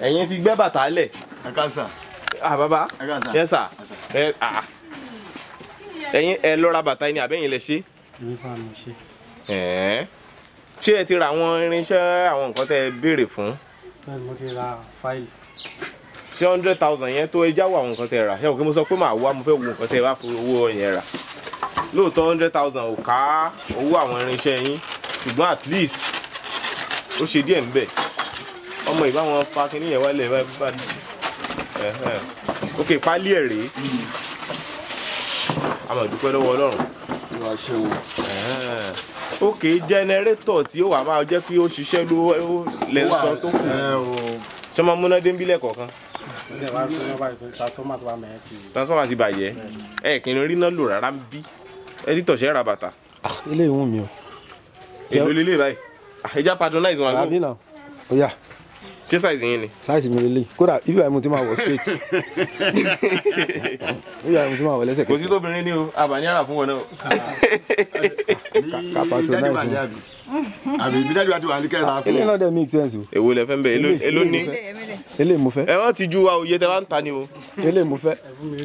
ẹ̀yin ti gbẹ́ bàtà lẹ̀. ẹ ká sà. ah bàbá ẹ ẹ ah ẹ̀yin ẹ lọ ra bàtà yìí ni àbẹ́yìn lẹ ṣe. èmi fà mí ṣe. ṣé ẹ ti ra àwọn irinṣẹ́ àwọn nǹkan tẹ́ ẹ béèrè fún. bẹ́ẹ̀ni mo ti ra fáìlì. ṣé hundred thousand yẹn tó ẹ jáwọ́ àwọn nǹkan tẹ́ ẹ rà ṣé òkè mo sọ pé màá wá mo fẹ́ wo nǹkan tẹ́ ẹ bá fi owó yẹn rà lóòótọ́ hundred thousand ò ká owó àwọn irinṣẹ́ yín ṣùgbọ́n at least ó ṣe díẹ̀ ń ọmọ ìbá wọn fa kínní yẹn wálẹ̀ bá ok pálí ẹ̀ rèé a máa dúpẹ́ lọ́wọ́ ọlọ́run wa ṣe o. ok jẹnẹrétọ̀ tí ó wà máa jẹ́ kí ó ṣiṣẹ́ ló lè sọ tó kù ṣé máa múná dé ń bílẹ̀ kọ̀ọ̀kan. transformer ti bàjẹ́ ẹ kì í rí lò rárá bí ẹdítọ̀ ṣe ra bàtà. ilé ìwọ̀n mi o. èlò lélẹ̀ báyìí àìjá ah, patronize wọn. àbí náà ṣé size yín ni. size mi lele kódà ibi àìmọ̀ tí máa wọ̀ straight ibi àìmọ̀ tí máa wọ̀ lẹ́sẹ̀kẹsẹ̀. kò sí tóbìnrin ní o àbàní ara fún wọn náà. ká patronize mi àbí ibi dájú àti wàhálì kẹrin àfún. ilé náà dẹ̀ make sense o. èwo lẹ fẹ́ ń bẹ èló ní. èlé mo fẹ́. ẹ wọ́n ti ju wa òye tẹ wá ń ta ni o. èlé mo fẹ́.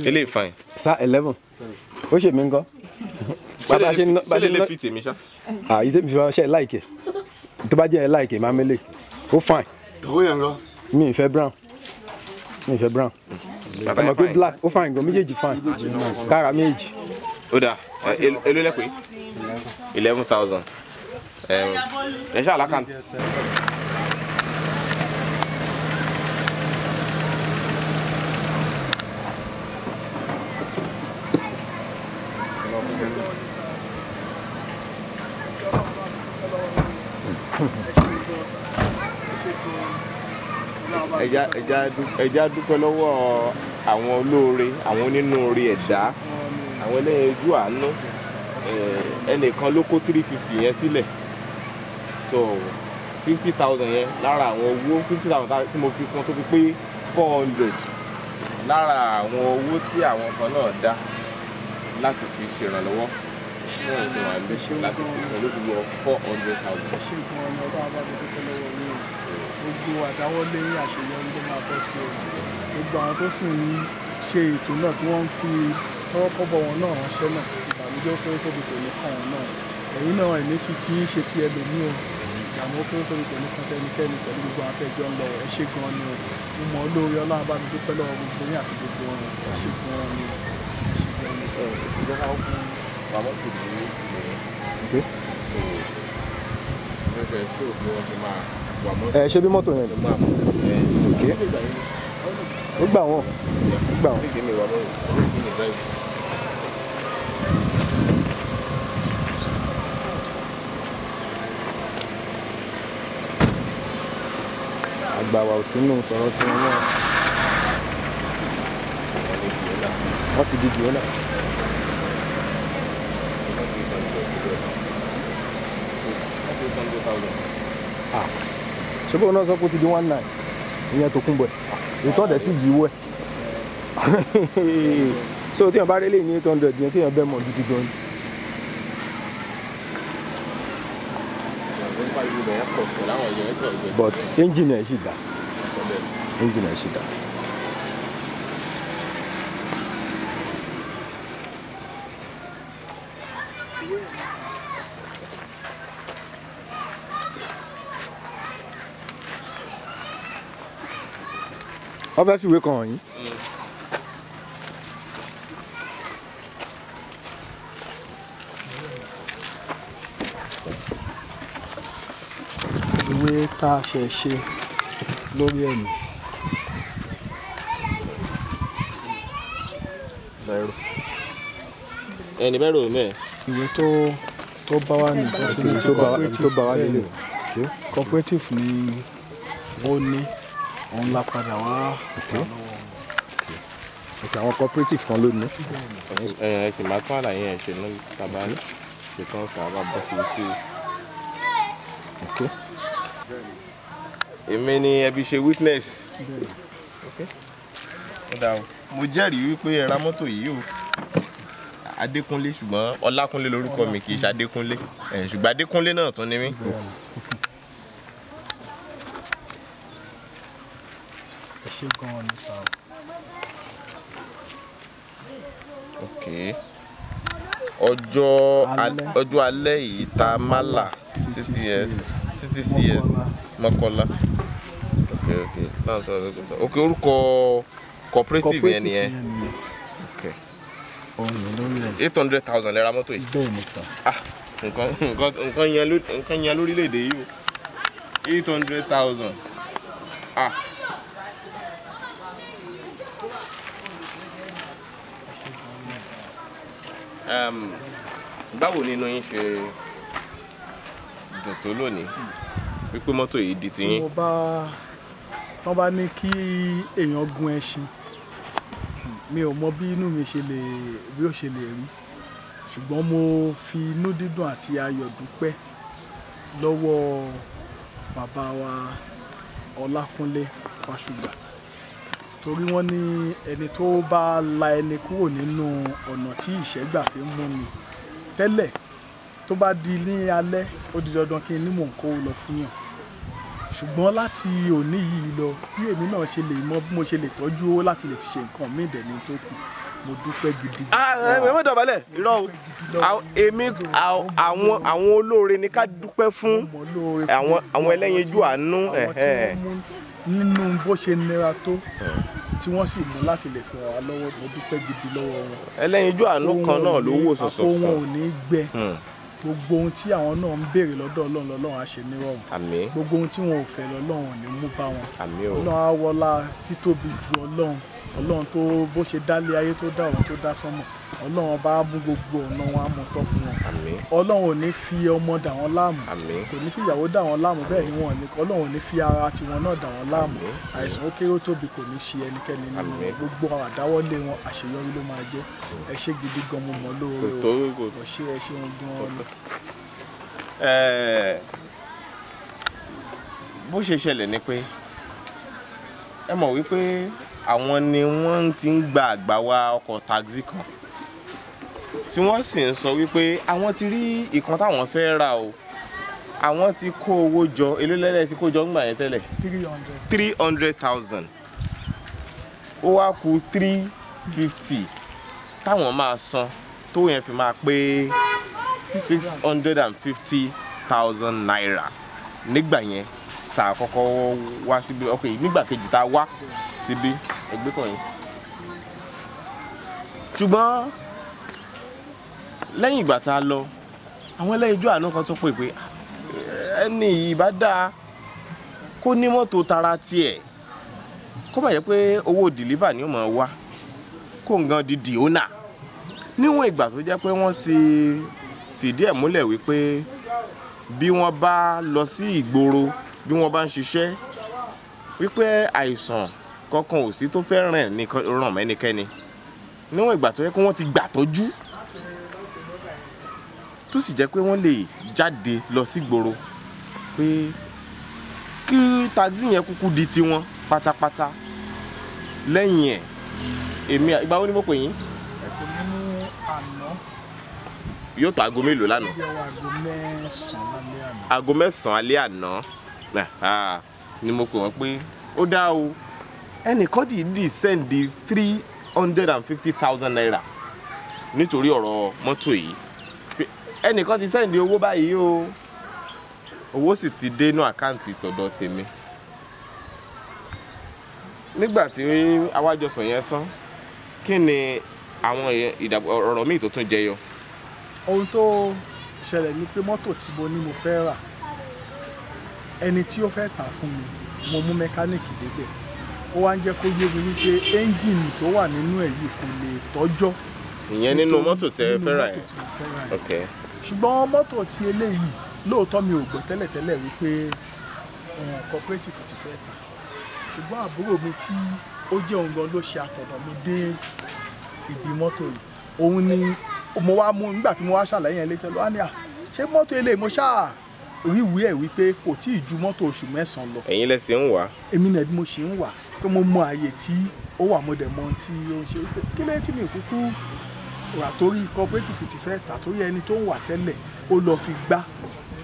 èlé fine. sa eleven ó ṣèmi ńkọ́. bàbá ṣe ná bàbá ṣe ná ṣe lè fi tèmi ṣá. àyè ah, tèmi fi wá ṣe láìkè tó bá jẹ́ ẹ láìkè máa mélé ó fine tọwọ́ yẹn rọ. mi ìfẹ́ brown mi ìfẹ́ brown ọmọ pé black ó fine go. Me, méjèèjì fine kára méjèèjì. ó dà èló lẹ pé eleven thousand ẹ ṣáà ẹja dúpẹ́ lọ́wọ́ àwọn olóore àwọn onínúure ẹ̀dá àwọn ẹlẹ́yin ojú àánú eh, ẹnìkan ló kó three fifty yẹn sílẹ̀ so fifty thousand yẹn lára àwọn owó fifty thousand tí mo fi kún tó fi pé four hundred lára àwọn owó tí àwọn kan náà dá láti fi ṣèrànlọ́wọ́ láti fi pẹ̀lú gbogbo four hundred thousand gbogbo àdáwọ́lé àṣeyọrí ló máa bọ́ sí òun gbogbo àwọn tó sì ń ṣe ètò náà tí wọ́n ń fi tọ́wọ́kọ́bọ̀ wọn náà ránṣẹ́ náà ìbànújẹ́ ó kéré tóbi ní kàn wọn náà ẹ̀yìn náà ẹ̀mí tí í ṣe ti ẹlòmíì o ìdààmú ó kéré tóbi ní kàn tẹnikẹ́ni pẹ̀lú gbogbo àwọn ń lọ ẹ̀ ṣe gan ni o mo mọ olóore ọlọ́run bá mi dúpẹ́ lọ́wọ́ gbogbo yín àti gbogbo ọ̀run ẹ̀ ṣe gan ni o ṣe gan ni sọ̀rọ̀ ìjọba ó kún bàbá kò ní ilẹ̀ ẹ eh, ṣe bí mọ́tò yẹn òkè ó gbà wọ́n ó gbà wọ́n. àgbàwà ò sínú tọrọ tí wọn náà wọn ti di dìónà. Ah ṣé bóun náà sọ pé ó one night. one nine ìyẹn tó kún bọ̀ ìtọ́ dẹ̀ ti yíwọ́ so téèyàn bá rélé ní 800. hundred yẹn téèyàn bẹ́ẹ̀ mọ̀ gidi gan ni. but engine ẹ̀ sì dá engine ẹ̀ wọ́n fẹ́ fìwé kan yìí. ìwé tá a ṣe ṣe lórí ẹ̀mí. ẹni bẹ́ẹ̀ rò mẹ́. ìwé tó tó bá wà ní tó bá wà nílò cooperative ni ó ní òun la padà wá ọ̀tọ̀ àwọn cooperative kan ló ní. ẹ sì máa tún àlàyé ẹ ṣe ní tàbá ṣetán sàrà bọ́ sí etí. èmi ni ẹbí ṣe witness mo jẹ́rìí wípé ẹ ra mọ́tò yìí o Adékúnlé ṣùgbọ́n Ọlákúnlé lórúkọ mi kì í ṣe Adékúnlé ṣùgbọ́n Adékúnlé náà tún ni mí. ṣe gan-an ni sá. ok ọjọ́ ọjọ́ alẹ́ yìí ta mala cts ctcs mọ́kànlá ok ok náà sọ ọ́ ok orúkọ cooperative yẹn nìyẹn ok eight hundred thousand lẹ ra mọ́tò yìí bẹ́ẹ̀ ni ah nǹkan nǹkan yẹn lórílẹ̀‐èdè yìí o eight hundred thousand ah. báwo ni inú yín ṣe dùn tó lónìí wípé mọ́tò yìí di tiyín. tí wọ́n bá ní kí èèyàn gun ẹṣin mi ò mọ bí inú mi ṣe lè bí ó ṣe lè rí ṣùgbọ́n mo fi inú dídùn àti ayọ̀ dúpẹ́ lọ́wọ́ bàbá wa Ọlákúnlé Fásùgbà torí wọ́n ní ẹni tó bá la ẹni kúrò nínú ọ̀nà tí ìṣẹ́gbà fi ń mú ni tẹ́lẹ̀ tó bá di ní alẹ́ ó di dandan kí n ní mò ń kó lọ fún yàn ṣùgbọ́n láti òní yìí lọ bí èmi náà ṣe lè mọ bí mo ṣe lè tọ́jú owó láti lè fi ṣe nǹkan mí ìdẹ̀ni tó kù mo dúpẹ́ gidi. Ah, eh, ẹ mọ̀ dọ̀bálẹ̀ irọ́ èmi àwọn olóore ni ká dúpẹ́ fún àwọn ẹlẹ́yinjú àánú nínú bó ṣe nira tó tí wọ́n sì mú láti lè fi ràn wá lọ́wọ́ mo dúpẹ́ gidi lọ́wọ́ wọn. ẹlẹ́yinjú àánú kan náà ló wò sọ̀sọ̀ fún. àpò wọn ò ní gbẹ hmm. gbogbo ohun tí àwọn náà ń béèrè lọ́dọ̀ ọlọ́run lọ́lọ́run á ṣe nírọ̀rùn gbogbo ohun tí wọn ò fẹ́ lọ́lọ́run ò ní mú bá wọn ọlọ́run á wọlá títóbi ju ọlọ́run ọlọ́run tó bó ṣe dálé ayé tó dá òun tó dá sánmọ̀ ọlọ́run bá mú gbogbo ọ̀nà wọn á mú tọ́ fún wọn ọlọ́run ò ní fi ọmọ dà wọ́n láàmú kò ní fi ìyàwó dà wọ́n láàmú bẹ́ẹ̀ ni wọn ní ọlọ́run ò ní fi ara tiwọn náà dà wọ́n láàmú àìsàn ó kéré ó tóbi kò ní ṣe ẹnikẹ́ni nínú gbogbo àdáwọ́lé wọn àṣeyọrí ló máa jẹ́ ẹ ṣé gidi gan mo mọ̀ lóore o kò ṣe ẹ ṣeun gan ni. bó ṣe ṣẹlẹ̀ ni pé ẹ mọ̀ wípé àwọn ni wọ́n ti ń gba àgbàwa ọkọ̀ taxi kan tí wọ́n sì ń sọ wípé àwọn ti rí ìkan táwọn fẹ́ rà o àwọn ti kó owó jọ elélẹ́lẹ́ ti kó jọ ń gbà yẹn tẹ́lẹ̀ three hundred thousand ó wá kù three fifty táwọn máa san tó yẹn fi máa pé six hundred and fifty thousand naira nígbà yẹn tá a kọ́kọ́ wá síbí ok nígbà ta tá a wá síbí ẹgbẹ́ kan yìí ṣùgbọ́n lẹ́yìn ìgbà tá a lọ àwọn ẹlẹ́yinjú àánú kan tún pè pé ah, ẹni yìí bá dáa kó ní mọ́tò tara tiẹ̀ kó má yẹ pé owó dìlíva ni ó máa wá kó nǹkan di dìónà níwọ̀n ìgbà tó jẹ́ pé wọ́n ti fìdí ẹ̀ múlẹ̀ wípé bí wọ́n bá lọ sí ìgboro. Si bí wọ́n bá ń ṣiṣẹ́ wípé àìsàn kankan ò sí tó fẹ́ ràn ràn mẹ́nikẹ́ni níwọ̀n ìgbà tó yẹ kí wọ́n ti gbàtọ́jú tó sì jẹ́ pé wọ́n lè jáde lọ sígboro pé kí taxi yẹn kúkú di tiwọn pátápátá lẹ́yìn ẹ̀ èmi ìgbà wo ni mo pè yín. ẹ̀kọ́ nínú àná. yóò tó aago mélòó lánàá. aago mẹ́sàn-án alẹ́ àná. aago mẹ́sàn-án alẹ́ àná ni mo pè wọ́n pé ó dá o ẹnìkan dìídì sẹ́ǹdì three hundred and fifty thousand naira nítorí ọ̀rọ̀ mọ́tò yìí ẹnìkan ti sẹ́ǹdì owó báyìí o owó sì ti dénú àkáǹtì tọ̀dọ̀ tèmi nígbà tí awájọsọ yẹn tán kí ni àwọn ọ̀rọ̀ míì tó tún jẹyọ. ohun tó ṣẹlẹ̀ ni pé mọ́tò tí mo ní mo fẹ́ rà ẹni tí ó fẹ́ tà fún mi mo mú mẹkáníìkì débẹ̀ ó wá ń jẹ́ kó yé mi wípé ẹ́ńjìnì tó wà nínú ẹ̀ yìí kò lè tọ́jọ́. ìyẹn nínú mọ́tò tẹ ẹ fẹ́ra yẹn ṣùgbọ́n mọ́tò ti eléyìí lóòótọ́ mi ò gbọ́ tẹ́lẹ̀tẹ́lẹ̀ wípé eh, cooperative ti fẹ́ tà ṣùgbọ́n àbúrò mi tí ó jẹ́ òun gan ló ṣe àtọ̀dọ̀ mi dé ibi mọ́tò yìí òun ni mo wá mú nígbà tí mo wá ṣàlàyé yẹn létẹ́ lọ́wọ́ ní à ṣé mọ́tò eléyìí mo ṣáà ríwìí ẹ̀ wípé kò tí ì ju mọ́tò oṣù mẹ́sàn-án lọ. ẹ̀yin lẹ ṣe ń wá. èmi náà bí mo ṣe ń wá pé mo mọ àyè tí ó wà mo dẹ̀ mọ ohun tí ó ń ṣe wípé kí lẹ́yìn tí mi kúkú rà torí cooperative ti fẹ́ tà torí ẹni tó ń wà tẹ́lẹ̀ ó lọ fi gbá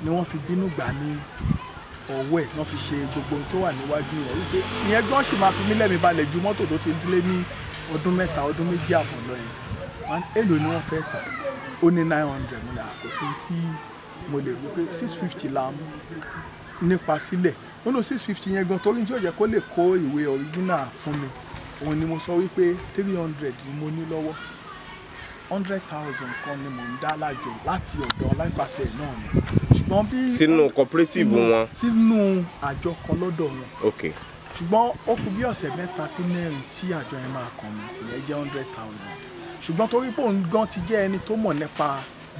ni wọ́n fi bínú gbà ní ọwọ́ ẹ̀ wọ́n fi ṣe gbogbo ohun tó wà níwájú rẹ̀ wípé ìyẹn gan ṣì máa fi mí lẹ́mi balẹ̀ ju mọ́tò tó ti dúlé ní ọdún mẹ́ta ọdún méjì àbọ̀ lọ yẹn èlò ni wọ́n fẹ́ tà ó ní nine hundred mo là kò sí ti mo lè rí pé six fifty la mú nípa sílẹ̀ ó lò six fifty yẹn gan torí tí ó yẹ kó lè kó ìwé original fún mi òun ni mo sọ wípé three hundred ni mo ní lọ́wọ́ hundred thousand kan ni mo ń dá lájọ láti ọ̀dọ̀ aláìpàṣẹ náà ni ṣùgbọ́n bí. sínú cooperative wọn. sínú àjọ kan lọ́dọ̀ wọn. ok ṣùgbọ́n ó kù bí ọ̀sẹ̀ mẹ́ta sí mẹ́rin tí àjọ yẹn máa kàn mí ìyẹn jẹ́ hundred thousand ṣùgbọ́n torí pé òun gan ti jẹ́ ẹni tó mọ̀ nípa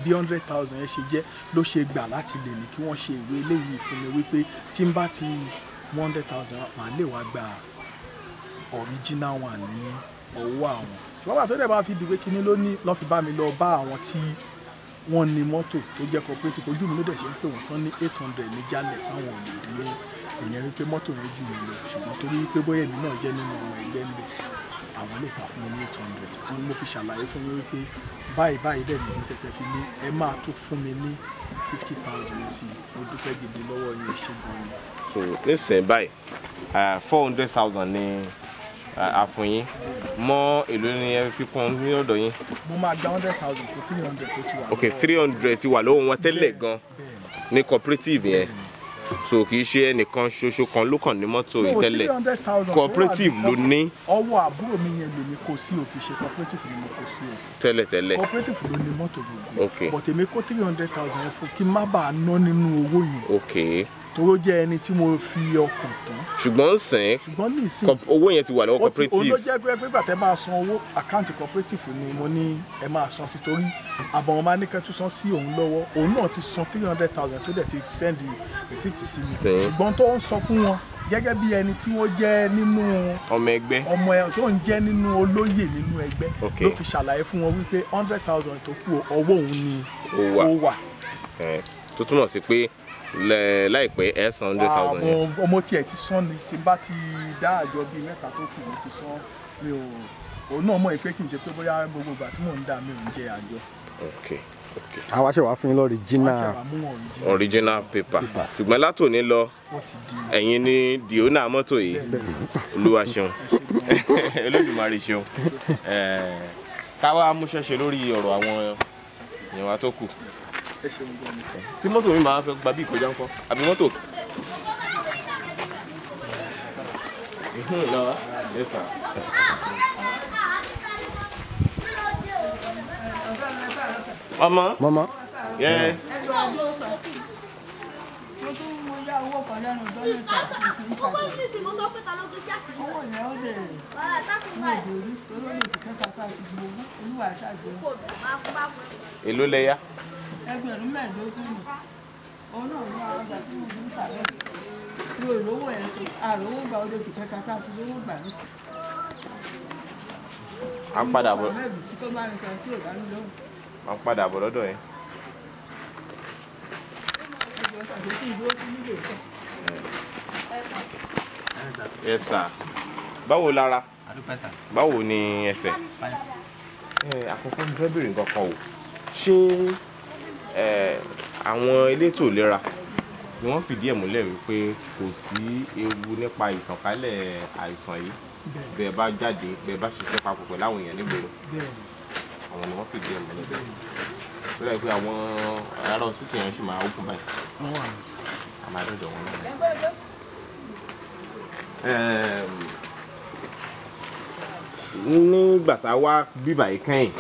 bí hundred thousand yẹn ṣe jẹ́ ló ṣe gbà láti lè ní kí wọ́n ṣe ìwé eléyìí fún mi wípé tí n bá ti one hundred thousand màá lè wá gba original one ní ọwọ́ àwọn ṣùgbọ́n bàtọ́ dẹ̀ bá fi dìgbé kínní ló ní lọ́ fi bá mi lọ bá àwọn tí wọ́n ní mọ́tò tó jẹ́ cooperative ojú mi ló dẹ̀ ṣe ń pè wọ́n tán ní eight hundred ní jálẹ̀ fáwọn òdìdí ní ìyẹn wípé mọ́tò yẹn jù mí lọ ṣùgbọ́n torí pé bóyá èmi náà jẹ́ nínú ọmọ ẹgbẹ́ ń bẹ̀ àwọn lè ta fún mi ní eight hundred wọ́n ní mo fi ṣàlàyé fún mi wípé báyìí báyìí dẹ̀ nìyí ṣẹ̀tẹ̀ fi ní ẹ máa tún fún mi ní fifty thousand sí i mo dúpẹ́ gidi lọ́wọ́ yín ẹ ṣe gan-an ni. so nísìnyí báyìí four hundred thousand ní àfún yín mọ èlò ni ẹ fi kún ní ọ̀dọ̀ yín. mo máa gba hundred thousand kó three hundred tó ti wà lọ́wọ́. ok three hundred ti wà lọ́wọ́ wọn tẹ́lẹ̀ gan-an ní cooperative yẹn. Yeah so kì í ṣe ẹnìkan ṣoṣo kan ló kàn ní mọ́tò ìtẹ́lẹ̀ cooperative ló ní. ọwọ́ àbúrò mi yẹn lèmi kò sí o kì í ṣe cooperative ni mo kò sí o. tẹ́lẹ̀ tẹ́lẹ̀ cooperative ló ní mọ́tò gbogbo but èmi kó three hundred thousand fún kí n má bàa ná nínú owó yẹn toro jẹ́ ẹni tí mo fi ọkàn tán. ṣùgbọ́n sìn ṣùgbọ́n owó yẹn ti wà lọ́wọ́ cooperative. ó ló jẹ́ pé pípa tẹ́ máa san owó àkáǹtì cooperative ni mo ní ẹ máa san sí torí àbọ̀wọ̀n máa ní kẹ́ san sí òun lọ́wọ́ òun náà ti san three hundred thousand tó dẹ̀ ti send receipt sí mi ṣùgbọ́n tó ń sọ fún wọn gẹ́gẹ́ bí ẹni tí wọ́n jẹ́ nínú ọmọ ẹgbẹ́ ọmọ ẹ tó ń jẹ́ nínú olóyè nínú ẹgbẹ́ ló fi ṣàlàyé fún wọn wípé hundred thousand tó kù ọwọ́ òun ni ó wà tó túmọ̀ sí pé láìpẹ́ ẹ san hundred ah, thousand yẹn. ọmọ tiẹ̀ ti sán ni tí n bá ti dá àjọ bíi mẹ́ta tó kù mo ti sán mi ò òun náà mọ̀ pé kì í ṣe pé bóyá gbogbo ìgbà tí mò ń dà mi ò ń jẹ àjọ. ok ok. àwa ṣe wàá fún yín lọ́ríjínà original paper ṣùgbọ́n látòní lọ ẹ̀yin ni dìónà mọ́tò yìí olúwa ṣeun olódùmarè ṣeun káwa amúṣẹ́ṣe lórí ọ̀rọ̀ àwọn ìwà tó kù ẹ ṣeun gan ni. tí mọ́tò mi máa fẹ́ gba bí ìkọjá ńkọ́ àbí mọ́tò. mama. mama. yes. mo tún ẹgbẹ̀rún mẹ́ẹ̀ẹ́dógún nù òun náà ní àwọn tí mo ń tà lọ́dún mi lówó ẹ̀ àròwó gba odò tì kẹta tá lówó gbà mí. à ń padà bọ̀ à ń padà bọ̀ lọ́dọ̀ yẹn. Yes sir báwo lára báwo ni ẹsẹ̀ àkọ́kọ́ mo fẹ́ béèrè nǹkan kan o ṣé àwọn elétò ìlera ni wọ́n fìdí ẹ̀ múlẹ̀ wípé kò sí ewu nípa ìtànkálẹ̀ àìsàn yìí bẹ́ẹ̀ bá jáde bẹ́ẹ̀ bá ṣiṣẹ́ papọ̀ pẹ̀lú àwọn èèyàn nígboro àwọn ni wọ́n fìdí ẹ̀ múlẹ̀ bẹ́ẹ̀ tó dà pé àwọn ará hospital yẹn sì máa open báyìí a máa dọ̀dọ̀ wọn náà. nígbà tá a wá bíbà yìí kẹ́yìn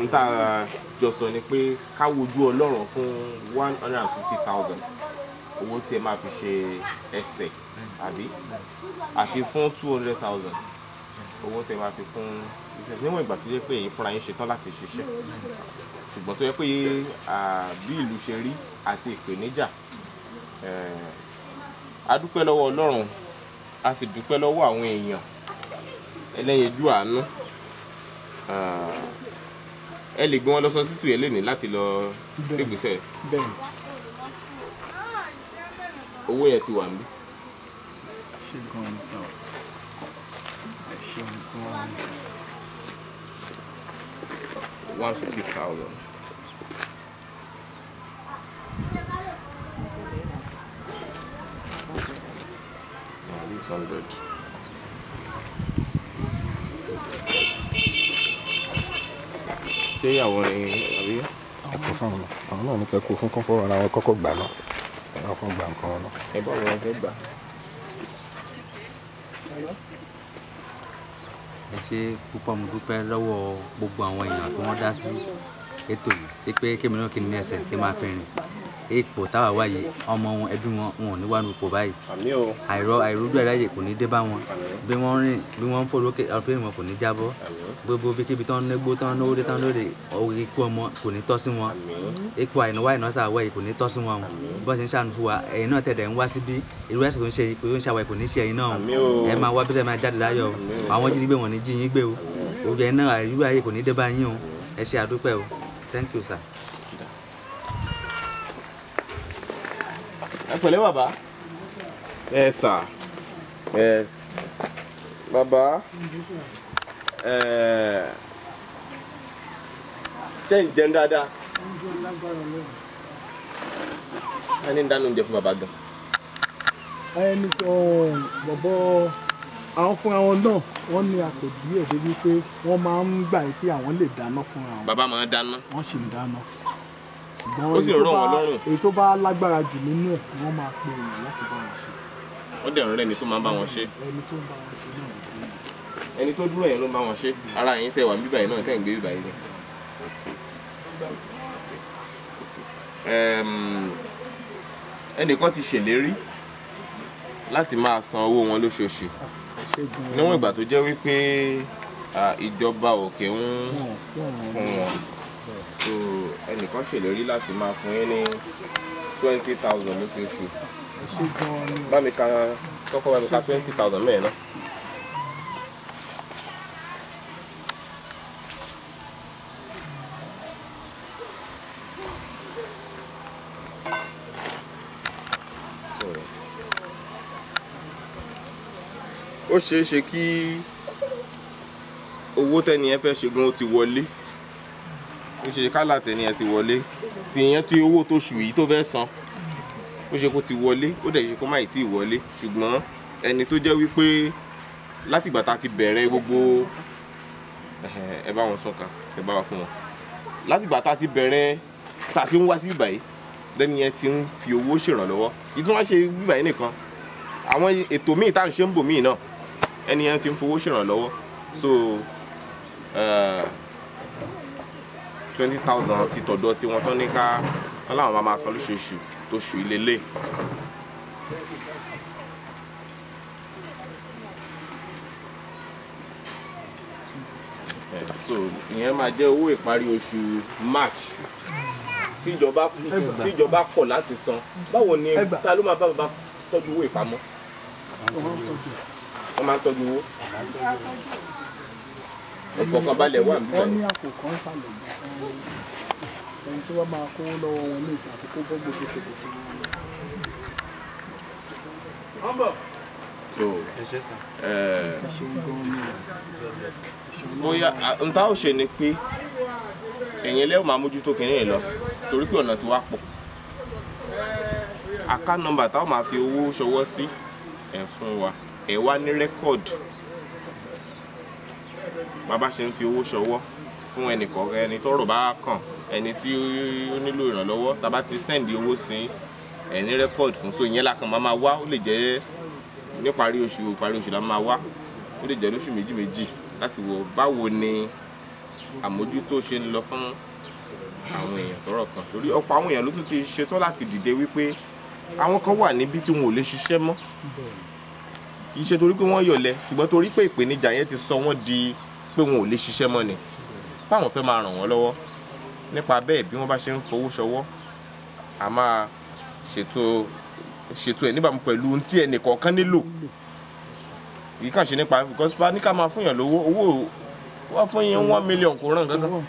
n ta jọ sọ ni pé ká wojú ọlọ́run fún one hundred and fifty thousand owó tí ẹ máa fi ṣe ẹsẹ̀ àbí àti fún two hundred thousand owó tẹ máa fi fún iṣẹ́ níwọ̀n ìgbà tó yẹ pé èyí fúnra yín ṣetán láti ṣiṣẹ́ ṣùgbọ́n tó yẹ pé bí ìlú ṣe rí àti ìpèníjà a dúpẹ́ lọ́wọ́ Ọlọ́run a sì dúpẹ́ lọ́wọ́ àwọn èèyàn ẹlẹ́yinjú àánú ẹ lè gbé wọn lọ sọsítù yẹn lónìí láti lọ gbégbèsè owó yẹn ti wà níbí. ṣé gan-an ni sáà ẹ ṣeun one fifty thousand. It's 100. ṣé ìyàwó ni àbí. ẹ̀kọ́ fún àwọn àwọn náà ní kẹ́kọ̀ọ́ fún kọ́fọ́ ara wọn kọ́kọ́ gbà náà àwọn kan gbà nǹkan wọn náà. ẹ bá wọn fẹ́ gbà. ẹ ṣe púpọ̀ mo dúpẹ́ lọ́wọ́ gbogbo àwọn èèyàn tí wọ́n dá sí ètò yìí pé kémi náà kì í ní ẹsẹ̀ tí máa fi rìn èèpò táwa wá ọmọ wọn ẹbí wọn wọn ò ní wà nípò báyìí àìrọ àìrójú ẹ̀ráyè kò ní dé bá wọn bí wọ́n rìn bí wọ́n ń forókè ọ̀pẹ́ wọn kò ní jábọ́ gbogbo bí kíbi tán nígbó tán lóde tán lóde ikú ọmọ kò ní tọ́ sí wọn ikú àìnáwá àìná tá kò ní tọ́ sí wọn bọ́n ṣe ń ṣàánú fún wa ẹ̀yin náà tẹ̀lé ń wá síbí irú ẹ̀sìn tó ń ṣe kò kò ní ṣe ẹ̀yin ẹ pẹ̀lẹ́ bàbá ẹ sà ẹ bàbá ẹ ṣe ń jẹun dáadáa ẹni ń dáná oúnjẹ fún bàbá gan. ẹni bọ̀bọ̀ àwọn fúnra wọn náà wọ́n ní àpèjì ẹ̀ débi pé wọ́n máa ń gbà pé àwọn lè dáná fúnra wọn. bàbá máa ń dáná. wọ́n sì ń ó sì rọ̀ wọ́n lọ́rùn. èyí tó bá lágbára jù nínú ẹ̀ ni wọ́n máa pe èèyàn láti bá wọn ṣe. wọ́n dẹ̀ ń rẹ́ni tó máa ń bá wọn ṣe. ẹni tó ń bá wọn ṣe náà ẹni tó dúró yẹn ló ń bá wọn ṣe ara yín tẹ wà ní bíbáyìí náà tẹ̀ gbé bíbáyìí ni. ẹnìkan ti ṣèlérí láti máa san owó wọn lóṣooṣù níwọ̀n ìgbà tó jẹ́ wípé ìjọba òkè ń fún wọn so ẹnìkan ṣèlérí láti máa fún yín ní twenty thousand lóṣooṣù bá mi ka kọ́kọ́ bá mi ka twenty thousand mẹ́rin náà. ó ṣeé ṣe kí owó tẹ́ni ẹ fẹ́ ṣe gan ó ti wọlé ó ṣe kálà tẹ̀ni ẹ ti wọlé ti ìyẹn ti owó tó ṣù yìí tó fẹ́ san ó ṣe kó ti wọlé ó dẹ̀ ṣe kó má ì tí ì wọlé ṣùgbọ́n ẹni tó jẹ́ wípé látìgbà tá a ti bẹ̀rẹ̀ gbogbo ẹ bá wọn tọ́ka ẹ bá wa fún wọn látìgbà tá a ti bẹ̀rẹ̀ tá a fi ń wá sí ìbàyí lẹ́ni yẹn ti ń fi owó ṣèrànlọ́wọ́ yìí tó wá ṣe ìbàyí nìkan àwọn ètò míì tá à ń ṣe ń bò míì náà ẹni yẹn ti ń fowó ṣèrànlọ́wọ́ so. Uh, twenty thousand ti tọ̀dọ̀ tí wọ́n tán ní ká wọ́n láwọn máa máa san lóṣooṣù tó ṣù ilélẹ̀. so ìyẹn máa jẹ́ owó ìparí oṣù march tíjọba tíjọba kọ̀ láti san báwo ni ta ló máa bá bàbá tọ́jú owó ìpamọ́ wọ́n máa ń tọ́jú owó ìfọkànbalẹ̀ wà níbẹ̀. wọ́n ní àpò kan sàlẹ̀ eh, ẹni tó bá máa kó lọ́wọ́ wọn ní ìsàfikún gbogbo tó ṣe kò fún wọn. so eh, bóyá n ta ò ṣe ni pé ẹ̀yin lẹ́wọ̀n máa mójútó kínní yìí lọ torí pé ọ̀nà ti wá pọ̀ account number táwọn máa fi owó ṣọwọ́ sí ẹ̀ fún wa ẹ̀ wá ní rẹ́kọ̀dù bàbá ṣe ń fi owó ṣọwọ́ fún ẹnìkọ̀ ẹni tọ́rọ̀ bá kàn ẹni tí ó nílò ìrànlọ́wọ́ tàbá ti sẹ́ndì owó sí ẹni rẹ́kọ̀d fún so ìyẹn lákàn máa wá ó lè jẹ́ ní parí oṣù parí oṣù la máa wá ó lè jẹ́ lóṣù méjì méjì láti wò báwo ni àmójútó ṣe ń lọ fún àwọn èèyàn tọ́rọ̀ kan lórí ọ̀pọ̀ àwọn èèyàn ló tún ti ṣetán láti dìde wípé àwọn kan wà níbí tí wọn ò lè ṣiṣẹ́ mọ́ kì í ṣe torí pé wọ́n yọ̀lẹ ṣùgbọ́n torí pé ìpèníjà yẹn ti sọ wọ́n di pé wọn ò lè ṣiṣẹ́ mọ́ ni báwọn fẹ́ máa ràn wọ́n lọ́wọ́ nípa bẹ́ẹ̀ bí wọ́n bá ṣe ń fowó ṣọwọ́ a máa ṣètò ṣètò ẹ̀ níbàámu pẹ̀lú ohun tí ẹnì kọ̀ọ̀kan nílò yìí kàn ṣe nípa because pa ní ká máa fúnyàn lówó owó wọ́n fún yín one million kò ràn kankan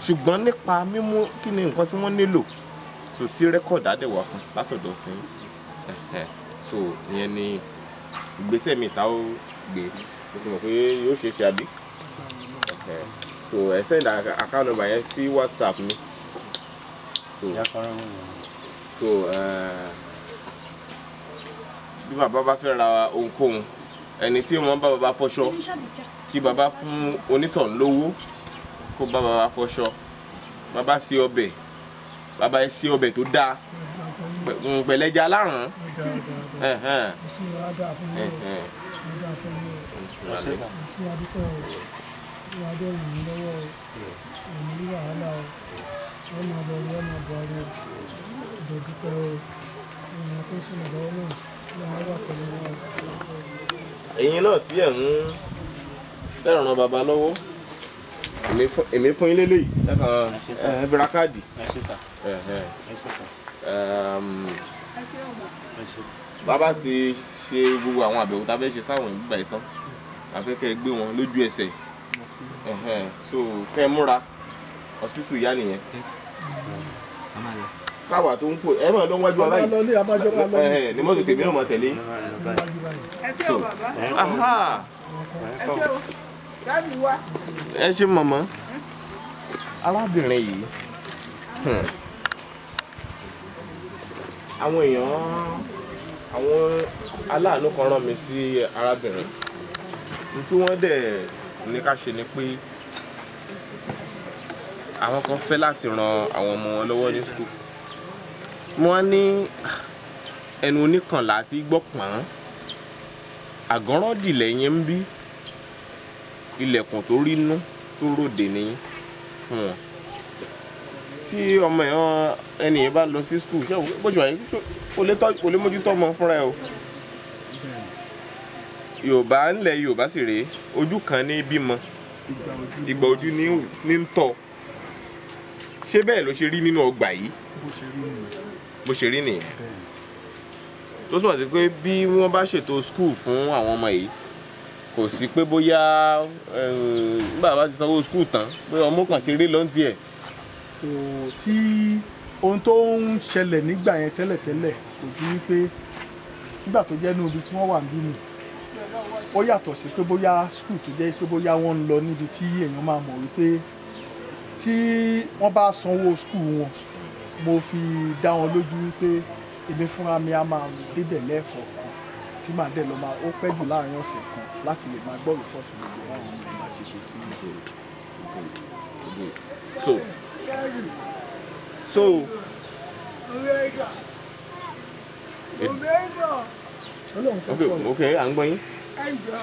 ṣùgbọ́n nípa mímú kí ni nǹkan tí wọ́n nílò so tí rẹ́kọ̀dì á dẹ̀ wá fún látọ̀dọ̀ tí so ìyẹn ni ìgbésẹ̀ mi ta ó gbé mo sì mọ̀ pé yóò ṣe é ṣe àbí so ẹ send account number yẹn sí whatsapp mi so so eh, bí bàbá bá fẹ́ ra ohunkóhun ẹni tí wọ́n bá bàbá fọṣọ kí bàbá fún onítàn lówó kó bá bàbá fọṣọ bàbá sí ọbẹ̀ bàbá sí ọbẹ̀ tó dáa pẹ̀lẹ́jà aláràn ẹ̀sìn ọ̀dà fún mi ọ̀dà fún mi ẹ̀sìn adúpẹ́ o ìwà dé ràn mí lọ́wọ́ o èmi ní wàhálà o wọ́n máa lọ wọ́n máa bọ̀ ọ́ ìdò dúpẹ́ o ìrìn àpò ìṣẹ̀lẹ̀ lọ́wọ́ náà lọ́wọ́ wà pẹ̀lú wa. ẹ̀yin náà tí ẹ̀ ń tẹ̀ràn bàbá lọ́wọ́ èmi fún yín lélẹ́yìí ẹ bẹ̀rẹ̀ káàdì. ẹ ṣe sà ẹ ṣe sà bàbá ti ṣe gbogbo àwọn àbẹ̀wò tá a fẹ́ ṣe sáwọn ìlú báyìí tán afẹ́kẹ́ gbé wọn lójú ẹsẹ̀ so kẹ́ ẹ múra hospital ìyá nìyẹn káwa tó ń pò ẹ máa lọ wájú abáyé ní mọ́tò tèmi náà máa tẹ̀lé so ẹ ṣe màmá hmm? arábìnrin yìí hmm. àwọn èèyàn àwọn aláàánú kan rán mi sí arábìnrin ní tí wọ́n dẹ̀ ní ká ṣe ni pé àwọn kan fẹ́ láti ran àwọn ọmọ wọn lọ́wọ́ ní skul wọ́n ní ẹnu oníkànlá àti gbọ̀pọ̀n àgọ́rọ́dì lẹ́yìn ń bí ilẹ̀kùn tó rí nú tó ròde ní fún wọn tí ọmọ ẹ̀ ẹni yẹn bá lọ sí skul ṣé bó ṣe wà yìí kò lè mójútó ọmọ fúnra ẹ o yorùbá ńlẹ̀ yorùbá sì rèé ojú kan ní bímọ ìgbà ojú ní ń tọ̀ ṣé bẹ́ẹ̀ ló ṣe rí nínú ọgbà yìí bó ṣe rí nìyẹn tó túmọ̀ sí pé bí wọ́n bá ṣètò skul fún àwọn ọmọ yìí kò sí pé bóyá nígbà ti sanwó skul tán bóyá ọmọ kan ṣe rí lọ́ntì ẹ̀ kò tí ohun tó ń ṣẹlẹ̀ nígbà yẹn tẹ́lẹ̀tẹ́lẹ̀ kò ju wípé nígbà tó jẹ́ níbi tí wọ́n wà ń bí mi ó yàtọ̀ sí pé bóyá skul tó jẹ́ pé bóyá wọ́n ń lọ níbi tí èèyàn máa mọ̀ wípé tí wọ́n bá sanwó skul wọn mo fi dá wọn lójú wípé èmi fúnra mi a máa débẹ̀ lẹ́ẹ̀kọ̀ọ̀kan tí màá dẹ̀ lọ máa ó pẹ́ jù láàrin ọ̀sẹ̀ kan láti lè máa gbọ́ rìpọ́ọ̀tù gbogbo báwọn ọmọ ẹ̀ máa sí ìgbòho. So. Omega. Eh. Omega. Okay, okay, à ń gbọ́ yín. Ẹ jọ.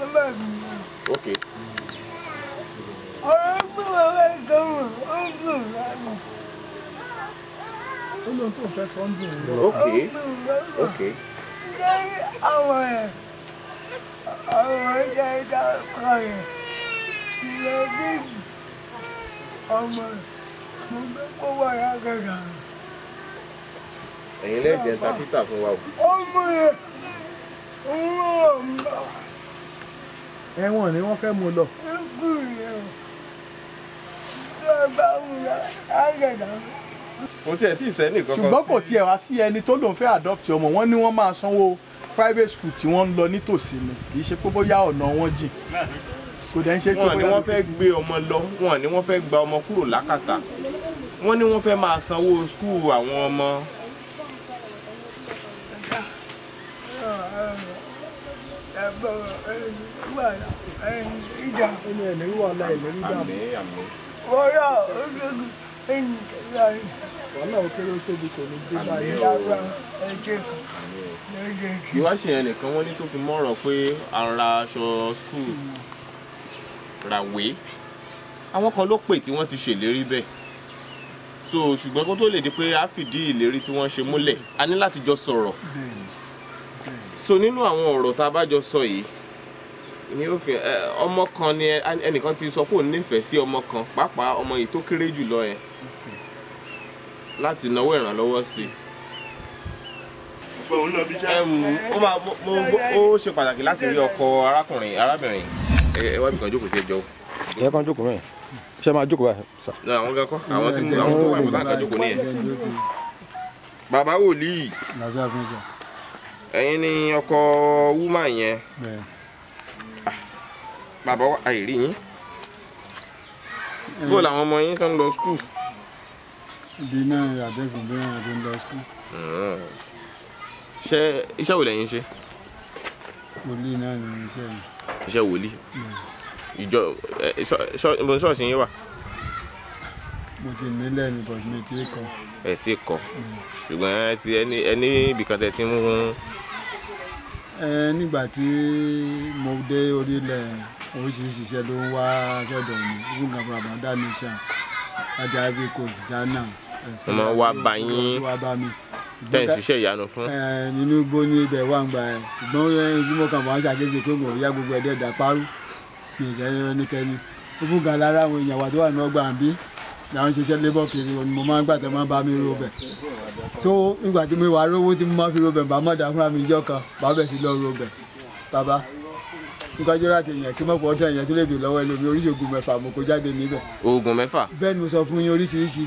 Ẹ bá mi lọ. Okay. Ọ̀rọ̀ gbé wàhálà kan mọ̀, ó ń dùn lánàá. Ó lóun tó fẹ́ sọ́ ń dùn lọ. Okay. Okay. Ṣé àwọn ẹ̀ àwọn ẹ̀jẹ̀ ìdá kan yẹn? Ìyẹn bíbí ọmọ mo fẹ́ kó wà lágàdà. ẹ̀yin lẹ́jẹ̀ ta pítà fún wa o. ọmọ yẹn ń rọ̀ ń bá. ẹ̀wọ̀n ni wọ́n fẹ́ mú lọ. ikú yẹn o tí wọ́n bá mú lágàdà mo tiẹ̀ tí ì sẹ́ni kankan. ṣùgbọ́n kò tiẹ̀ wá sí ẹni tó lòun fẹ́ adopt ọmọ wọn ni wọ́n máa sanwó private school tí wọ́n ń lọ nítòsí ni kì í ṣe pé bóyá ọ̀nà wọn jìn kò dẹ̀ ń ṣe pé wọ́n ní wọ́n fẹ́ gbé ọmọ lọ wọ́n ní wọ́n fẹ́ gba ọmọ kúrò lákàtà wọ́n ní wọ́n fẹ́ máa sanwó skul àwọn ọmọ. wọ́rọ̀ ológun ẹ̀yìn láàrin. wàhálà òkèrè tóbi kò ní dé báyìí. ìwáṣẹ̀ yẹn nìkan wọ́n ní tó fi mọ́rọ̀ pé ara aṣọ skul ràwé àwọn kan ló pè tí wọ́n ti ṣèlérí bẹ́ẹ̀ so ṣùgbọ́n kó tó lè di pé a fìdí ìlérí tí wọ́n ṣe múlẹ̀ a ní láti jọ sọ̀rọ̀ so nínú àwọn ọ̀rọ̀ tá a bá jọ sọ yìí ni ó fi ọmọ kan ni ẹnìkan ti sọ pé òun nífẹ̀ẹ́ sí ọmọ kan pàápàá ọmọ yìí tó kéré jùlọ yẹn láti náwó ìrànlọ́wọ́ sí i ó ṣe pàtàkì láti rí ọkọ arákùnrin arábìnrin ẹ wá mi kàn jókòó sí ẹjọ́ o. ẹ kàn jókòó mẹ́rin ṣe máa jókòó báyìí sà. náà àwọn gan kọ́ àwọn tí mo àwọn tó wà kọ́tà kàn jókòó nìyẹn. bàbá wòlíì ẹ̀yin ni ọkọ wúmà yẹn ah, bàbá wa àìrí yín bó làwọn ọmọ yín tó ń lọ skul. ibi náà àdẹ́gùn bí wọn ti lọ skul. Hmm. ṣé iṣẹ́ wo lẹ́yìn ṣe. wòlíì náà ni iṣẹ́ yìí iṣẹ́ wòlíì ìjọ ìbọn ṣọ́ọ̀ṣì yín wà. mo ti nílẹ̀ ní bọ̀dé mi tí kọ. ẹ ti kọ ṣùgbọ́n ẹ ti ẹni ẹni ibìkan tẹ ti mú un. ẹ nígbà tí mo dé orílẹ̀ oríṣiríṣi iṣẹ́ ló ń wá sọ́dọ̀ mi ìgbìngàn bàbá dání ṣá àti ivory coast Ghana mo máa wá bá yín tẹ́ ń ṣiṣẹ́ ìyanu fún. nínú igbó ní ibẹ̀ wà ń gbà ẹ̀ ṣùgbọ́n bí mo kàn wá ń ṣàkíyèsí pé mo yá gbogbo ẹ̀dẹ́ ẹ̀dá parú mi ì lẹ́yìn ẹnikẹ́ni ó bú ga lára àwọn èèyàn wà tó wà ní ọgbà àbí làwọn ń ṣiṣẹ́ lébọ̀ kiri ni mo máa ń gbà tẹ́ máa bá mi ro bẹ̀ tó ìgbà tí mo wà rówó tí mo máa fi ro bẹ̀ bá mọ̀dà fúnra mi jọ kan bá bẹ̀ sí lọ ro bẹ̀ bàbá nkájọ́ láti èèyàn kí mọ̀pọ̀ ọ̀tá èèyàn tó lè dùn lọ́wọ́ ẹlòmí oríṣi oògùn mẹ́fà mo kó jáde níbẹ̀. oògùn mẹ́fà. bẹ́ẹ̀ ni mo sọ fún yín oríṣiríṣi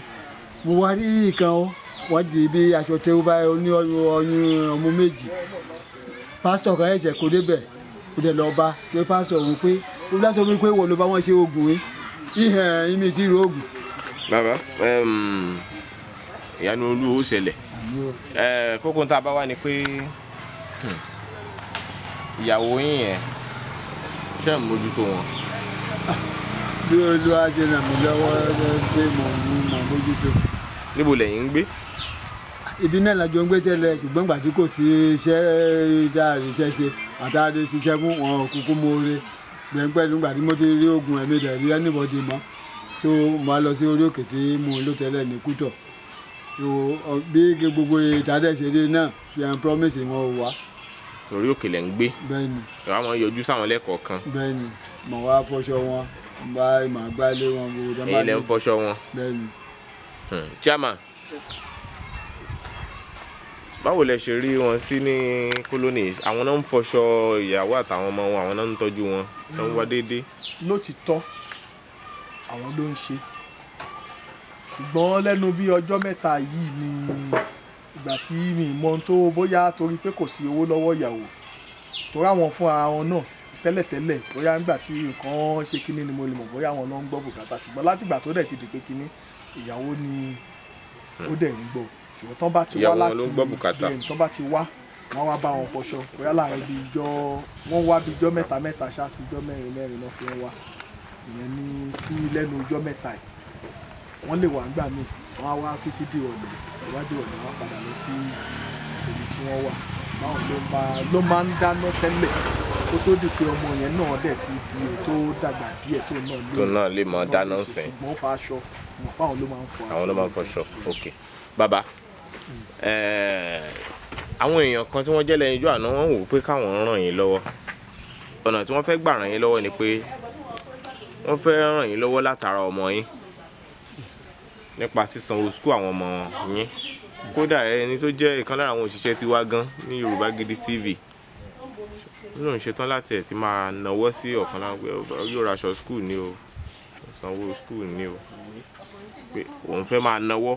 mo wá rí nǹkan o wọ́n di ibi aṣọ tẹ́wọ́ báyìí ó ní ọyún ọyún ọmọ méjì pásítọ̀ kan ẹ̀ṣẹ̀ kó débẹ̀ kó dẹ̀ lọ bá pé pásítọ̀ òun pé ó dá sọ fún mi pé wọ́n ló bá wọ́n ṣe oògùn yìí ìhàn ìmì ti rí oògùn. bàbá ìyanu olú ó ṣẹlẹ̀ kókó tá a bá wà ni pé hmm, ìyàwó yín yẹn ṣe ń mójútó wọn ah, bí olúwa ṣe ràn mí lọ́wọ́ pé mò ń mójútó níbo lẹ́yìn ń gbé. ibi náà lájọ ń gbé tẹ́lẹ̀ ṣùgbọ́n gbà tí kò sí iṣẹ́ dáàrí iṣẹ́ ṣe àtàrí ṣiṣẹ́ fún wọn kúkú mọ́ọ́rẹ́ gbẹ̀ngbẹ̀lú gbà tí mo ti rí oògùn ẹ̀mí rẹ̀ rí anybody mọ́ so mo á lọ sí orí òkè tí mo lò tẹ́lẹ̀ ní kútọ̀ so bí gbogbo ìtàdẹ̀ ṣe dé náà fi hàn promise wọn ò wá lórí òkè lẹ́ ń gbé bẹ́ẹ̀ni ìwà wọn yọjú sáwọn lẹ́kọ̀ọ̀kan bẹ́ẹ̀ni mo wá fọṣọ wọn bá ìmọ̀ àgbálẹ̀ wọn gbogbo dáná ẹ̀yin lẹ́ ń fọṣọ wọn bẹ́ẹ̀ni Hmm. chairman báwo lẹ ṣe rí wọn sí ní kólónì àwọn náà ń fọṣọ ìyàwó àtàwọn ọmọ wọn àwọn náà ń tọ́jú wọn tó ń wá hmm. déédéé. lótìtọ́ àwọn ló ń ṣe ṣùgbọ́n lẹ́nu bí ọjọ́ mẹ́ta yìí ni ìgbà tí mi mọ ohun tó bóyá torí pé kò sí owó lọ́wọ́ ìyàwó torí àwọn fún ara wọn náà tẹ́lẹ̀tẹ́lẹ̀ bóyá nígbà tí nǹkan ṣe kínní ni mo lè mọ̀ bóyá àwọn náà ń gbọ́ bùkátà ṣùgbọ́n látìgbà tó dẹ̀ ti di kínní ìyàwó ni hmm. ó dẹ̀ ń gbọ́ ṣùgbọ́n tán bá ti wá láti dm tán bá ti wá wọ́n wá bá wọn fọṣọ bóyá láàrin ibi ìjọ wọ́n wá bí ìjọ mẹ́ta mẹ́ta ṣáàṣì ìjọ mẹ́rin mẹ́rin náà fi ń wá ìyẹn ní sí lẹ́nu ìjọ mẹ́ta yìí wọ́n lè wà nígbà míì wọ́n á wá títí di ọ̀dọ̀ ìwádìí ọ̀dọ̀ wọn padà lọ sí ibi tí wọ́n wà báwọn ló máa ló máa ń dáná tẹ́lẹ̀ kó tó di pé ọmọ yẹn náà dẹ̀ ti di ètò dàgbà díẹ̀ tó náà lè máa dáná sìn ṣùgbọ́n fa aṣọ àwọn ló máa ń fọ aṣọ àwọn ló ok bàbá àwọn èèyàn kan tí wọ́n jẹ́ lẹ́yìn ijó àná wọ́n wò pé káwọn ràn yín lọ́wọ́ ọ̀nà tí wọ́n fẹ́ gbà ràn yín lọ́wọ́ ni pé wọ́n fẹ́ ràn yín lọ́wọ́ látara ọmọ yín nípa sísanwó skul àwọn ọmọ yín kódà ẹni tó jẹ́ ìkan lára àwọn òṣìṣẹ́ tiwa gan ní Yorùbá Gidi TV nínú ìṣetán láti ẹ̀ ti máa náwó sí ọ̀kan lára yóò raṣọ skul ni o sanwó skul ni o pé òun fẹ́ máa náwó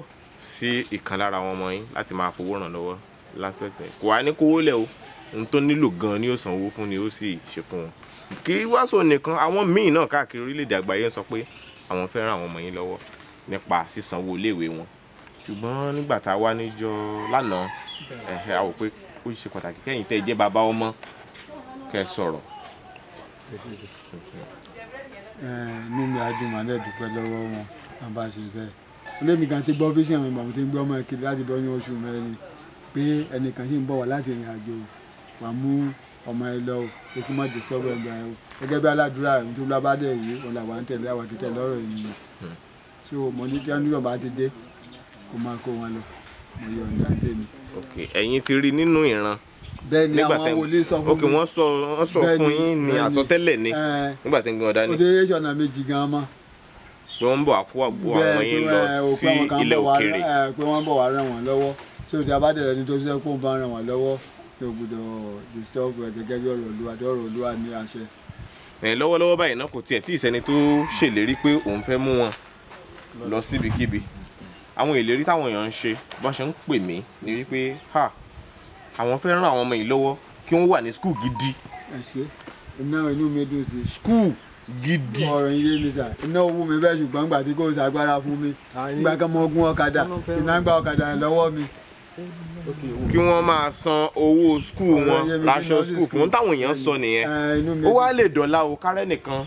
sí ìkan lára àwọn ọmọ yín láti máa fowó ràn lọ́wọ́ láspect yẹn kò wá ní kówó lẹ̀ o ohun tó nílò gan ni ó sanwó fún ni ó sì ṣe fún wọn kì í wá sọ nìkan àwọn míì náà káàkiri orílẹ̀-èdè àgbáyé ń sọ pé àwọn fẹ́ ràn àwọn ọmọ yín lọ́wọ́ nípa sísanwó iléèwé wọn ṣùgbọ́n nígbà tá a wá níjọ lánàá ẹ̀hẹ́ a wò pé ó ṣe pàtàkì kẹ́yìn tẹ́ ẹ jẹ́ bàbá ọmọ kẹ́ ẹ sọ̀rọ̀. nínú adùn màdẹ́dùpẹ́ lọ́wọ́ wọn wọn bá ṣe fẹ́ olómi kan ti gbọ́ fíṣàn àwọn ìbàmù tí ń gbọ́ ọmọ kiri láti bí ọyún oṣù mẹ́rin pé ẹnìkan sì ń bọ̀ wá láti ìrìn àjò wà mú ọmọ ẹ lọ etí má dé sọ́wọ́ ẹgbẹ́ ẹ gẹ́gẹ́ bí aládùúrà ẹni tó lábá dẹ̀ wí wọn làwọn à ń tẹ̀lé àwọn akẹ́tẹ̀ lọ́rọ̀ ènìyàn so mo ní tí wọn bá ti dé kó máa kó wọn lọ mo yọ ọ̀nà tèmi. ok ẹ̀yin ti rí nínú ìran bẹ́ẹ̀ ni àwọn wòlíì sọ fún mi ok wọ́n sọ fún yín ní àsọtẹ́lẹ̀ ni nígbà tí ń gbọ́n dání. òde yéṣọ̀nà méjì gan-an mọ́ pé wọ́n ń bọ̀ wá kó àwọn yẹn lọ sí ilẹ̀ òkèèrè. pé wọ́n ń bọ̀ wá ràn wọ́n lọ́wọ́ tí o ti a bá tó ṣe kó ń bá ràn wọ́n lọ́wọ́ tó gbọ́dọ̀ disturb gẹ́gẹ́ bí ọ̀rọ̀ olúwa tó ọ̀rọ̀ olúwa ní àṣẹ. ẹ lọ́wọ́lọ́wọ́ báyìí náà kò tiẹ̀ tí ìsẹ́ni tó ṣèlérí pé òun fẹ́ mú wọn lọ síbikíbi àwọn ìlérí táwọn èèyàn ń ṣe bọ́n ṣe ń pè mí ni wípé ha àwọn fẹ́ ràn àwọn ọmọ yìí lọ́wọ́ kí wọ́n wà ní skul gidi. ẹ ṣe náà inú mi dùn sí. skul gidi. ọ̀rọ̀ yìí mi sà iná owó mi bẹ́ẹ̀ ṣùgbọ́n gbà tí kò ṣàgbára fún mi nígbà kan mo gún ọ̀kadà tí náà gba ọ̀kadà lọ́wọ́ mi. kí wọ́n máa san owó skul wọn láṣọ skul fún táwọn èèyàn sọ nìyẹn ó wá lè dọ̀la o kárẹ́ nìkan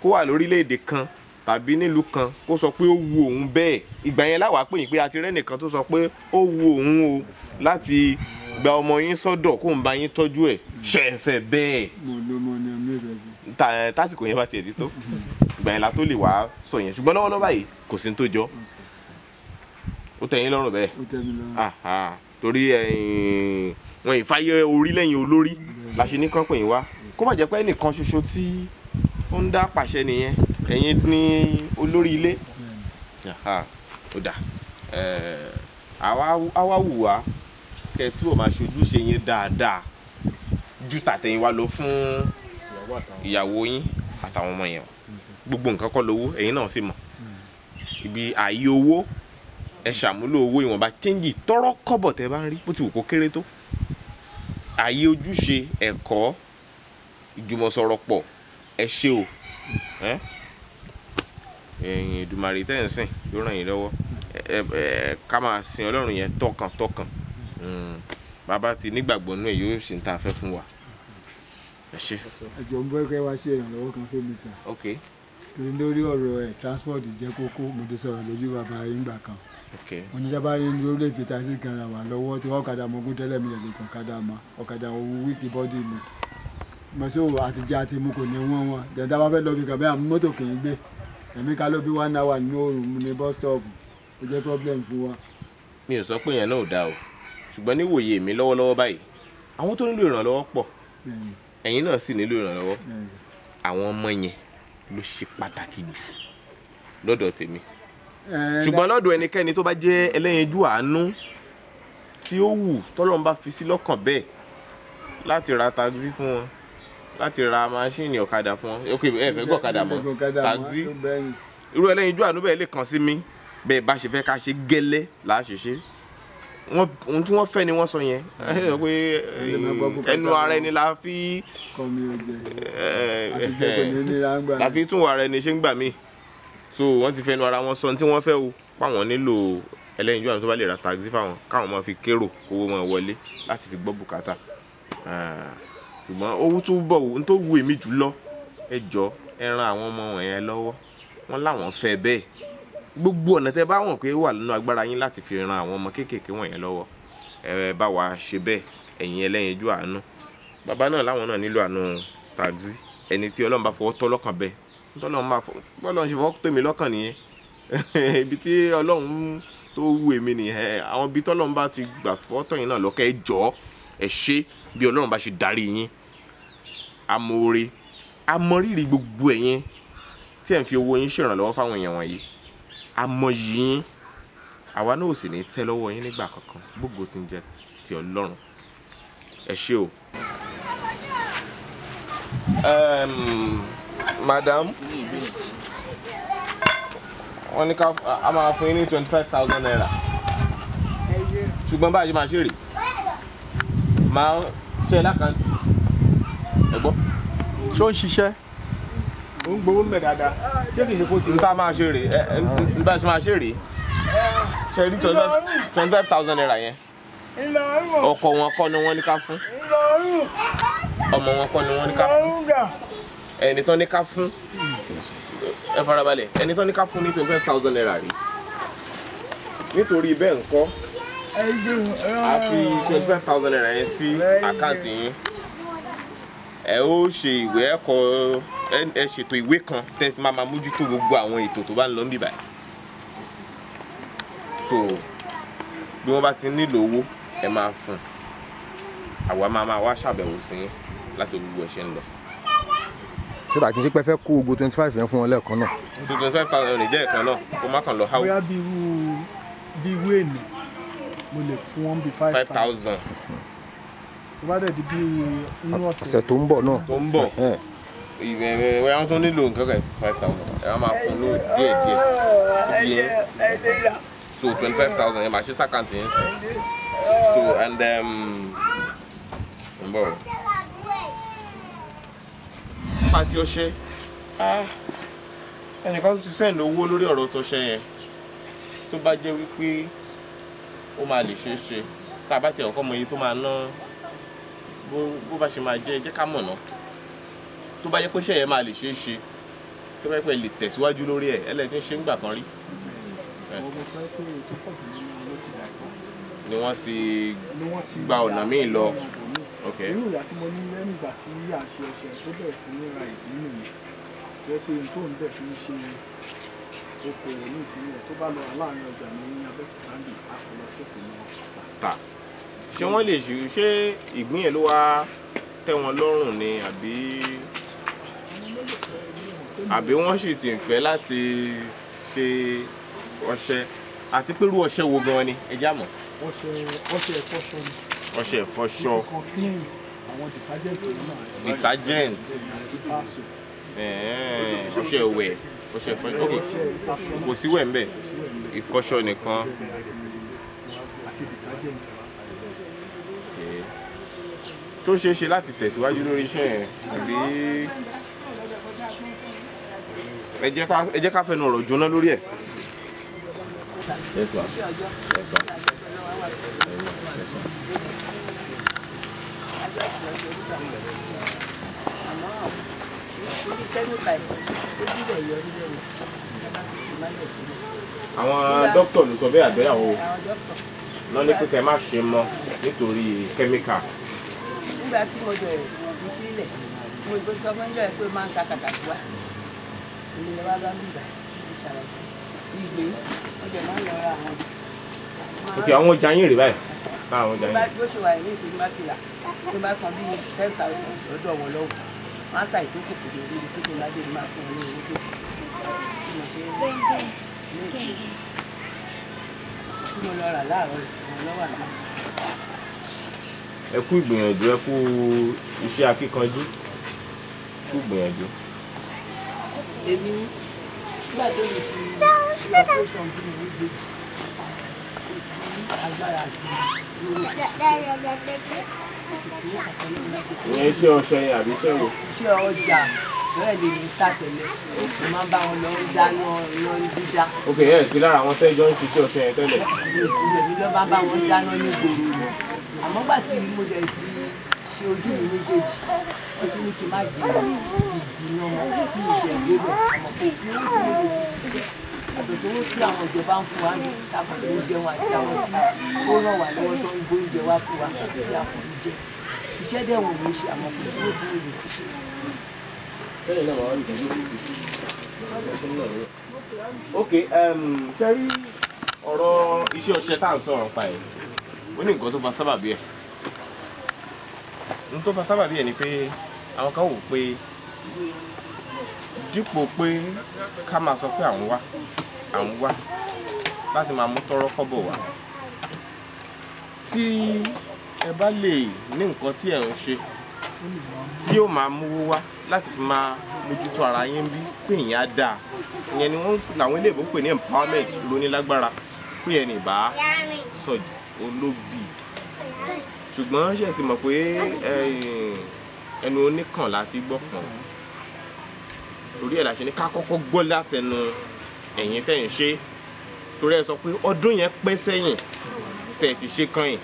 kó wà lórílẹ̀‐èdè kan tàbí nílùú kan kó sọ pé ó wu òun bẹ́ẹ̀ ìgbà yẹn láwàá pè yín pé a ti rẹ́ nìkan tó sọ pé ó wu òun o láti gba ọmọ yín sọ́dọ̀ kó ń bá yín tọ́jú ẹ̀ ṣẹ̀fẹ̀ bẹ́ẹ̀. mo ló mọ ní ọmọ ìrẹsì tásìkò yẹn bá tiẹ̀ ti tó ìgbà yẹn la tó lè wá sọ yẹn ṣùgbọ́n lọ́wọ́lọ́wọ́ báyìí kò sí ní tó jọ ó tẹ́ yín lọ́rùn bẹ́ẹ̀ torí wọn ìfàyè orí lẹ́yìn olórí la ṣe ní kọ́pọ̀ yín wá kó má jẹ́ pé ẹnìkan ṣoṣo tí ó ń dá pàṣẹ nìyẹn ẹ̀yin ní olórí ilé ó dà àwa wù wá kẹ́ ẹ tí ò máa ṣojúṣe yẹn dáadáa ju tàtẹ̀yìnwá lọ fún ìyàwó yín àtàwọn ọmọ yẹn gbogbo nǹkan kọ́ lówó ẹ̀yin náà sì mọ̀ ibi ààyè owó ẹ ṣàmúlò owó ìwọ̀nba chẹ́ńjì tọ́rọ́ kọ́bọ̀ tẹ́ bá ń rí bó ti wù kó kéré tó ààyè ojúṣe ẹ̀kọ́ ìjùmọ̀sọ̀rọ̀ pọ̀ ẹ ṣe o ẹ̀yin Èdùmàrè tẹ́ ń sìn yóò ràn yín lọ́wọ́ ká máa sin Ọlọ́run yẹn tọkàntọkàn hmm, bàbá ti nígbàgbọ́ nú ẹ̀ yóò ṣe ń ta afẹ́ fún wa ẹ ṣe. ẹjọ ń bọ ẹgbẹ wa ṣe ìrànlọ́wọ́ kan fún mi sàn. ok. torí lórí ọ̀rọ̀ ẹ̀ eh, transport jẹ́ kókó mo ti sọ̀rọ̀ lójú bàbá ìgbà kan. ok. oníjàbárí ni ó lè fi taxi kan ra wà lọ́wọ́ tí wọ́n kàdà mọ ogún tẹ́lẹ̀ mi lẹ́nu kan kàdà mọ ọ̀kadà òun wíìkì bọ́dì mi. mo ṣe òwò àtijọ́ àti mu kò ní wọ́n wọn dẹ̀dá bá fẹ́ lọ bí kàbẹ́yà mọ́tò kì í gbé ẹ̀mí ká ló bí one hour ní òòrùn ní bus stop ó jẹ́ problem fún wa. mi ò sọ pé yẹn náà ò dáa o ṣùgbọ́n níwòye mi lọ́wọ́lọ́wọ́ báyìí àwọn tó nílò ìrànlọ́wọ́ pọ̀ ẹ̀yin náà sì nílò ìrànlọ́wọ́ àwọn ọmọ yẹn ló ṣe pàtàkì jù lọ́dọ̀ tèmi ṣùgbọ́n lọ́dọ̀ ẹnikẹ́ni tó bá jẹ́ ẹlẹ́yinjú àánú tí ó wù tọ́lọ́run bá fi sí lọ́kàn bẹ́ẹ̀ láti ra taxi fún wọn láti ra máṣíìnì ọ̀kadà fún wọn ok ẹ fẹ́ gbọ́ ọ̀kadà mọ́ taxi irú ẹlẹ́yinjú àánú bẹ́ẹ̀ lè kàn sí mi bẹ́ẹ̀ bá ṣe fẹ́ ká ṣe gẹ́lẹ́ là wọn ohun tí wọn fẹ́ ni wọn sọ yẹn ah, ẹ sọ pé eh, ẹnu ara ẹni la fi eh, la fi tún ara ẹni ṣe ń gbà mí so wọn ti fẹnu ara wọn sọ tí wọn fẹ́ o páwọn nílò ẹlẹ́yinjú àwọn tó bá lè ra taxi fáwọn káwọn máa fi kérò kówó máa wọlé láti fi gbọ́ bùkátà ah, ṣùgbọ́n owó tó bọ̀ ohun tó wù èmi jù ẹ jọ ẹ ran àwọn ọmọ wọ̀nyẹn lọ́wọ́ wọn láwọn fẹ́ bẹ́ẹ̀ gbogbo ọ̀nà tẹ́ bá wọ̀n pé wà nínú agbára yín láti fi ran àwọn ọmọ kéékèèké wọ̀nyẹn lọ́wọ́ ẹ bá wa ṣe bẹ́ẹ̀ ẹ̀yin ẹlẹ́yinjú àánú bàbá náà láwọn náà nílò àánú taxi ẹni tí ọlọ́run bá fọwọ́ tọ́ lọ́kàn bẹ́ẹ̀ tọ́lọ́run bá fọ bọ́lọ́run ṣe fọwọ́ tó mi lọ́kàn nìyẹn ibi tí ọlọ́run tó wù èmi nìyẹn àwọn ibi tọ́lọ́run bá ti gbà fọwọ́ tọ́ yín náà lọ́kàn ẹ jọ ẹ ṣe bí a yín àwa náà ò sì ní tẹ́ lọ́wọ́ yín nígbà kankan gbogbo tí ń jẹ́ ti Ọlọ́run ẹ ṣé o. madam wọ́n ní ká a máa fún yín ní twenty five thousand naira ṣùgbọ́n báyìí máa ṣe rè máa ṣe lákàntì ẹ̀gbọ́n. ṣó ń ṣiṣẹ́ ó ń gbowó mẹ́ dáadáa ṣé kìí ṣe kó ti lọ. n ta máa ṣe rèé n bá ṣe máa ṣe rèé eh, ṣe rí twenty five thousand naira yẹn ọkọ wọn kọ́ ni wọ́n ní ká fún ọmọ wọn kọ́ ni wọ́n ní ká fún ẹni tán ní ká fún ẹ farabalẹ̀ ẹni tán ní ká fún ní twenty five thousand naira rí nítorí bẹ́ẹ̀ ń kọ́ a fi twenty five thousand naira yẹn sí àkáǹtì yín ẹ ó ṣe ìwé ẹ̀kọ́ ẹ ṣètò ìwé kan tẹ́ fi máa mójútó gbogbo àwọn ètò tó bá ń lọ níbàyí so bí wọ́n bá ti nílò owó ẹ máa fún un àwa máa máa wá ṣàbẹ̀wò sí yín láti gbogbo ẹ̀ ṣe ń lọ. ṣé bàá kí n ṣe pé fẹ́ kó gbogbo twenty five yẹn fún wọn lẹ́ẹ̀kan náà. gbogbo twenty five thousand rẹ̀ jẹ́ ẹ̀kan náà kó má kàn lọ háwù. bóyá bí irú bí irú èmi mo lè fún wọn bí five thousand tó bá dẹ̀ di bí inú ọ̀sẹ̀. ọ̀sẹ̀ tó ń bọ̀ náà. tó ń bọ̀ ìwẹ̀wẹ̀ wẹ́n tó nílò nǹkan kan five thousand ẹ̀rọ máa fún un díẹ̀ díẹ̀ díẹ̀ so twenty five thousand yẹn máa ṣe sàkáǹtì yẹn sí so and um, ń bọ̀. pati ọṣẹ ah, ẹnìkan ti sẹ́ǹd owó lórí ọ̀rọ̀ tọṣẹ yẹn tó bá jẹ́ wípé ó máa lè ṣeé ṣe tá a bá ti ọ̀kọ́ mọ iye tó máa ná. No bó bá ṣe máa jẹ́ jẹ́ ká mọ̀ ná tó bá yẹ pé ṣẹ̀yẹ máa lè ṣeé ṣe tó bá yẹ pé lè tẹ̀síwájú lórí ẹ̀ ẹ̀ lẹ́tí ń ṣe ń gbà kan rí. ni wọ́n ti gba ọ̀nà míì lọ. irú ìyá tí mo ní lẹ́nu ìgbà tí a ṣe ọṣẹ tó bẹ̀rẹ̀ sí ní ra ìgbín nìyẹn jẹ́ pé n tó ń bẹ̀ fi ń ṣe okòwò ní ìsinmi rẹ̀ tó bá lọ láàrin ọjà ní abẹ́kúta ní àpòlọ́sẹ̀kọ̀ náà ṣé wọ́n lè ṣe ṣé ìgbín ẹ̀ ló wá tẹ́ wọn lọ́rùn ni àbí àbí wọ́n sì ti ń fẹ́ láti ṣe ọṣẹ àti pẹ̀lú ọṣẹ wo gan ni ẹ já mọ̀. ọṣẹ ọṣẹ ẹfọṣọ ni. ọṣẹ ẹfọṣọ. àwọn detergent náà. detergent. ọṣẹ ìwẹ̀ ọṣẹ ìfọṣọ ok kò sí wẹ̀ ń bẹ̀ ìfọṣọ nìkan. àti detergent ṣó ṣeé ṣe láti tẹ̀síwájú lórí iṣẹ́ yẹn àbí ẹ jẹ́ ká ẹ jẹ́ ká fẹnu ọ̀rọ̀ jóná lórí ẹ̀. àwọn dókítà ló sọ bẹ́ẹ̀ àbẹ́yàwó lọ́ní pé kẹ́ má ṣe mọ́ nítorí kẹ́míkà nígbà tí mo bẹ̀rẹ̀ fi sílẹ̀ mo gbé sọ fún yọ̀ ẹ́ pé máa ń ta kàtàkì wá èmi lọ wá bá mi gbà ní ṣàlàyé ìgbé ó jẹ máa ń lọ ra àwọn. ok àwọn ọjà yín rè báyìí àwọn ọjà yín. bó ṣe wà ní ìṣèlú bá ti rà tó bá san bíi ten thousand lọ́dọ̀ wọn lọ́wọ́ wọn á ta ìdókòwò fún mi níbi tó ti lágbèrè máa fún mi ní mo lọ rà láàárọ̀ ìṣòro lọ́wọ́ àná ẹ kú ìgbìyànjú ẹ kú iṣẹ́ akíkanjú kú ìgbìyànjú. èmi nígbà tó mi ti ṣe operation bí mi méjèèjì kò sí agbára àti lórí ìṣẹ́ ìyẹn iṣẹ́ ọṣẹ yẹn àbí iṣẹ́ wo. iṣẹ́ ọjà bẹ́ẹ̀ ni mi ta tẹ́lẹ̀ mo máa ń bá wọn lọ ń dáná lọ ń dídá. ok ẹ sí lára àwọn tẹ́jọ́ ń ṣiṣẹ́ ọṣẹ yẹn tẹ́lẹ̀. èsì lèmi lọ bá bá wọn dáná ní gbòòrò mi àmọ́ gbà tí mo dẹ̀ ti ṣe ojú mi méjèèjì wọ́n ti ní kí n má gbé ìdí mọ́ kí n jẹ̀ gbé àmọ́ kò sí owó tí mo lè fi yàtọ̀ sí owó tí àwọn ìjọba ń fún wa ní táwọn tó ń jẹun àti àwọn tí ó ràn wá lọ́wọ́ tó ń gbé oúnjẹ wá fún wa tí a kò ní jẹ iṣẹ́ dẹ̀ wọ̀n ló ṣe àmọ́ kò sí tí mo lè fi ṣe. bẹ́ẹ̀ náà wàá rí ìdílé ok tẹ́rí ọ̀rọ̀ iṣẹ́ ọṣẹ tá à ń sọ̀rọ̀ pa ẹ̀ ó ní nǹkan tó fa sábàbí ẹ̀ n tó fa sábàbí ẹ̀ ni pé àwọn kan wò pé dípò pé ká máa sọ pé àwọn wá à ń wá láti máa mú tọrọ kọ́bọ̀ wá tí ẹ bá lè ní nǹkan tí ẹ ń ṣe tí ó máa mówó wá láti fi máa mójútó ara yín bí pé ìyẹn á dáa ìyẹn ni wọn làwọn ilé ìbò ń pè ní empowerment lónílágbára pé ẹni ìbá sọjù olóbì ṣùgbọ́n ṣe sì mọ̀ pé ẹnu oníkàn láti gbọ́ kan orí ẹ̀ la ṣe ní ká kọ́kọ́ gbọ́ látẹnu ẹ̀yin tẹ̀ ń ṣe torí ẹ sọ pé ọdún yẹn pẹ́ sẹ́yìn tẹ̀ ti ṣe kan yìí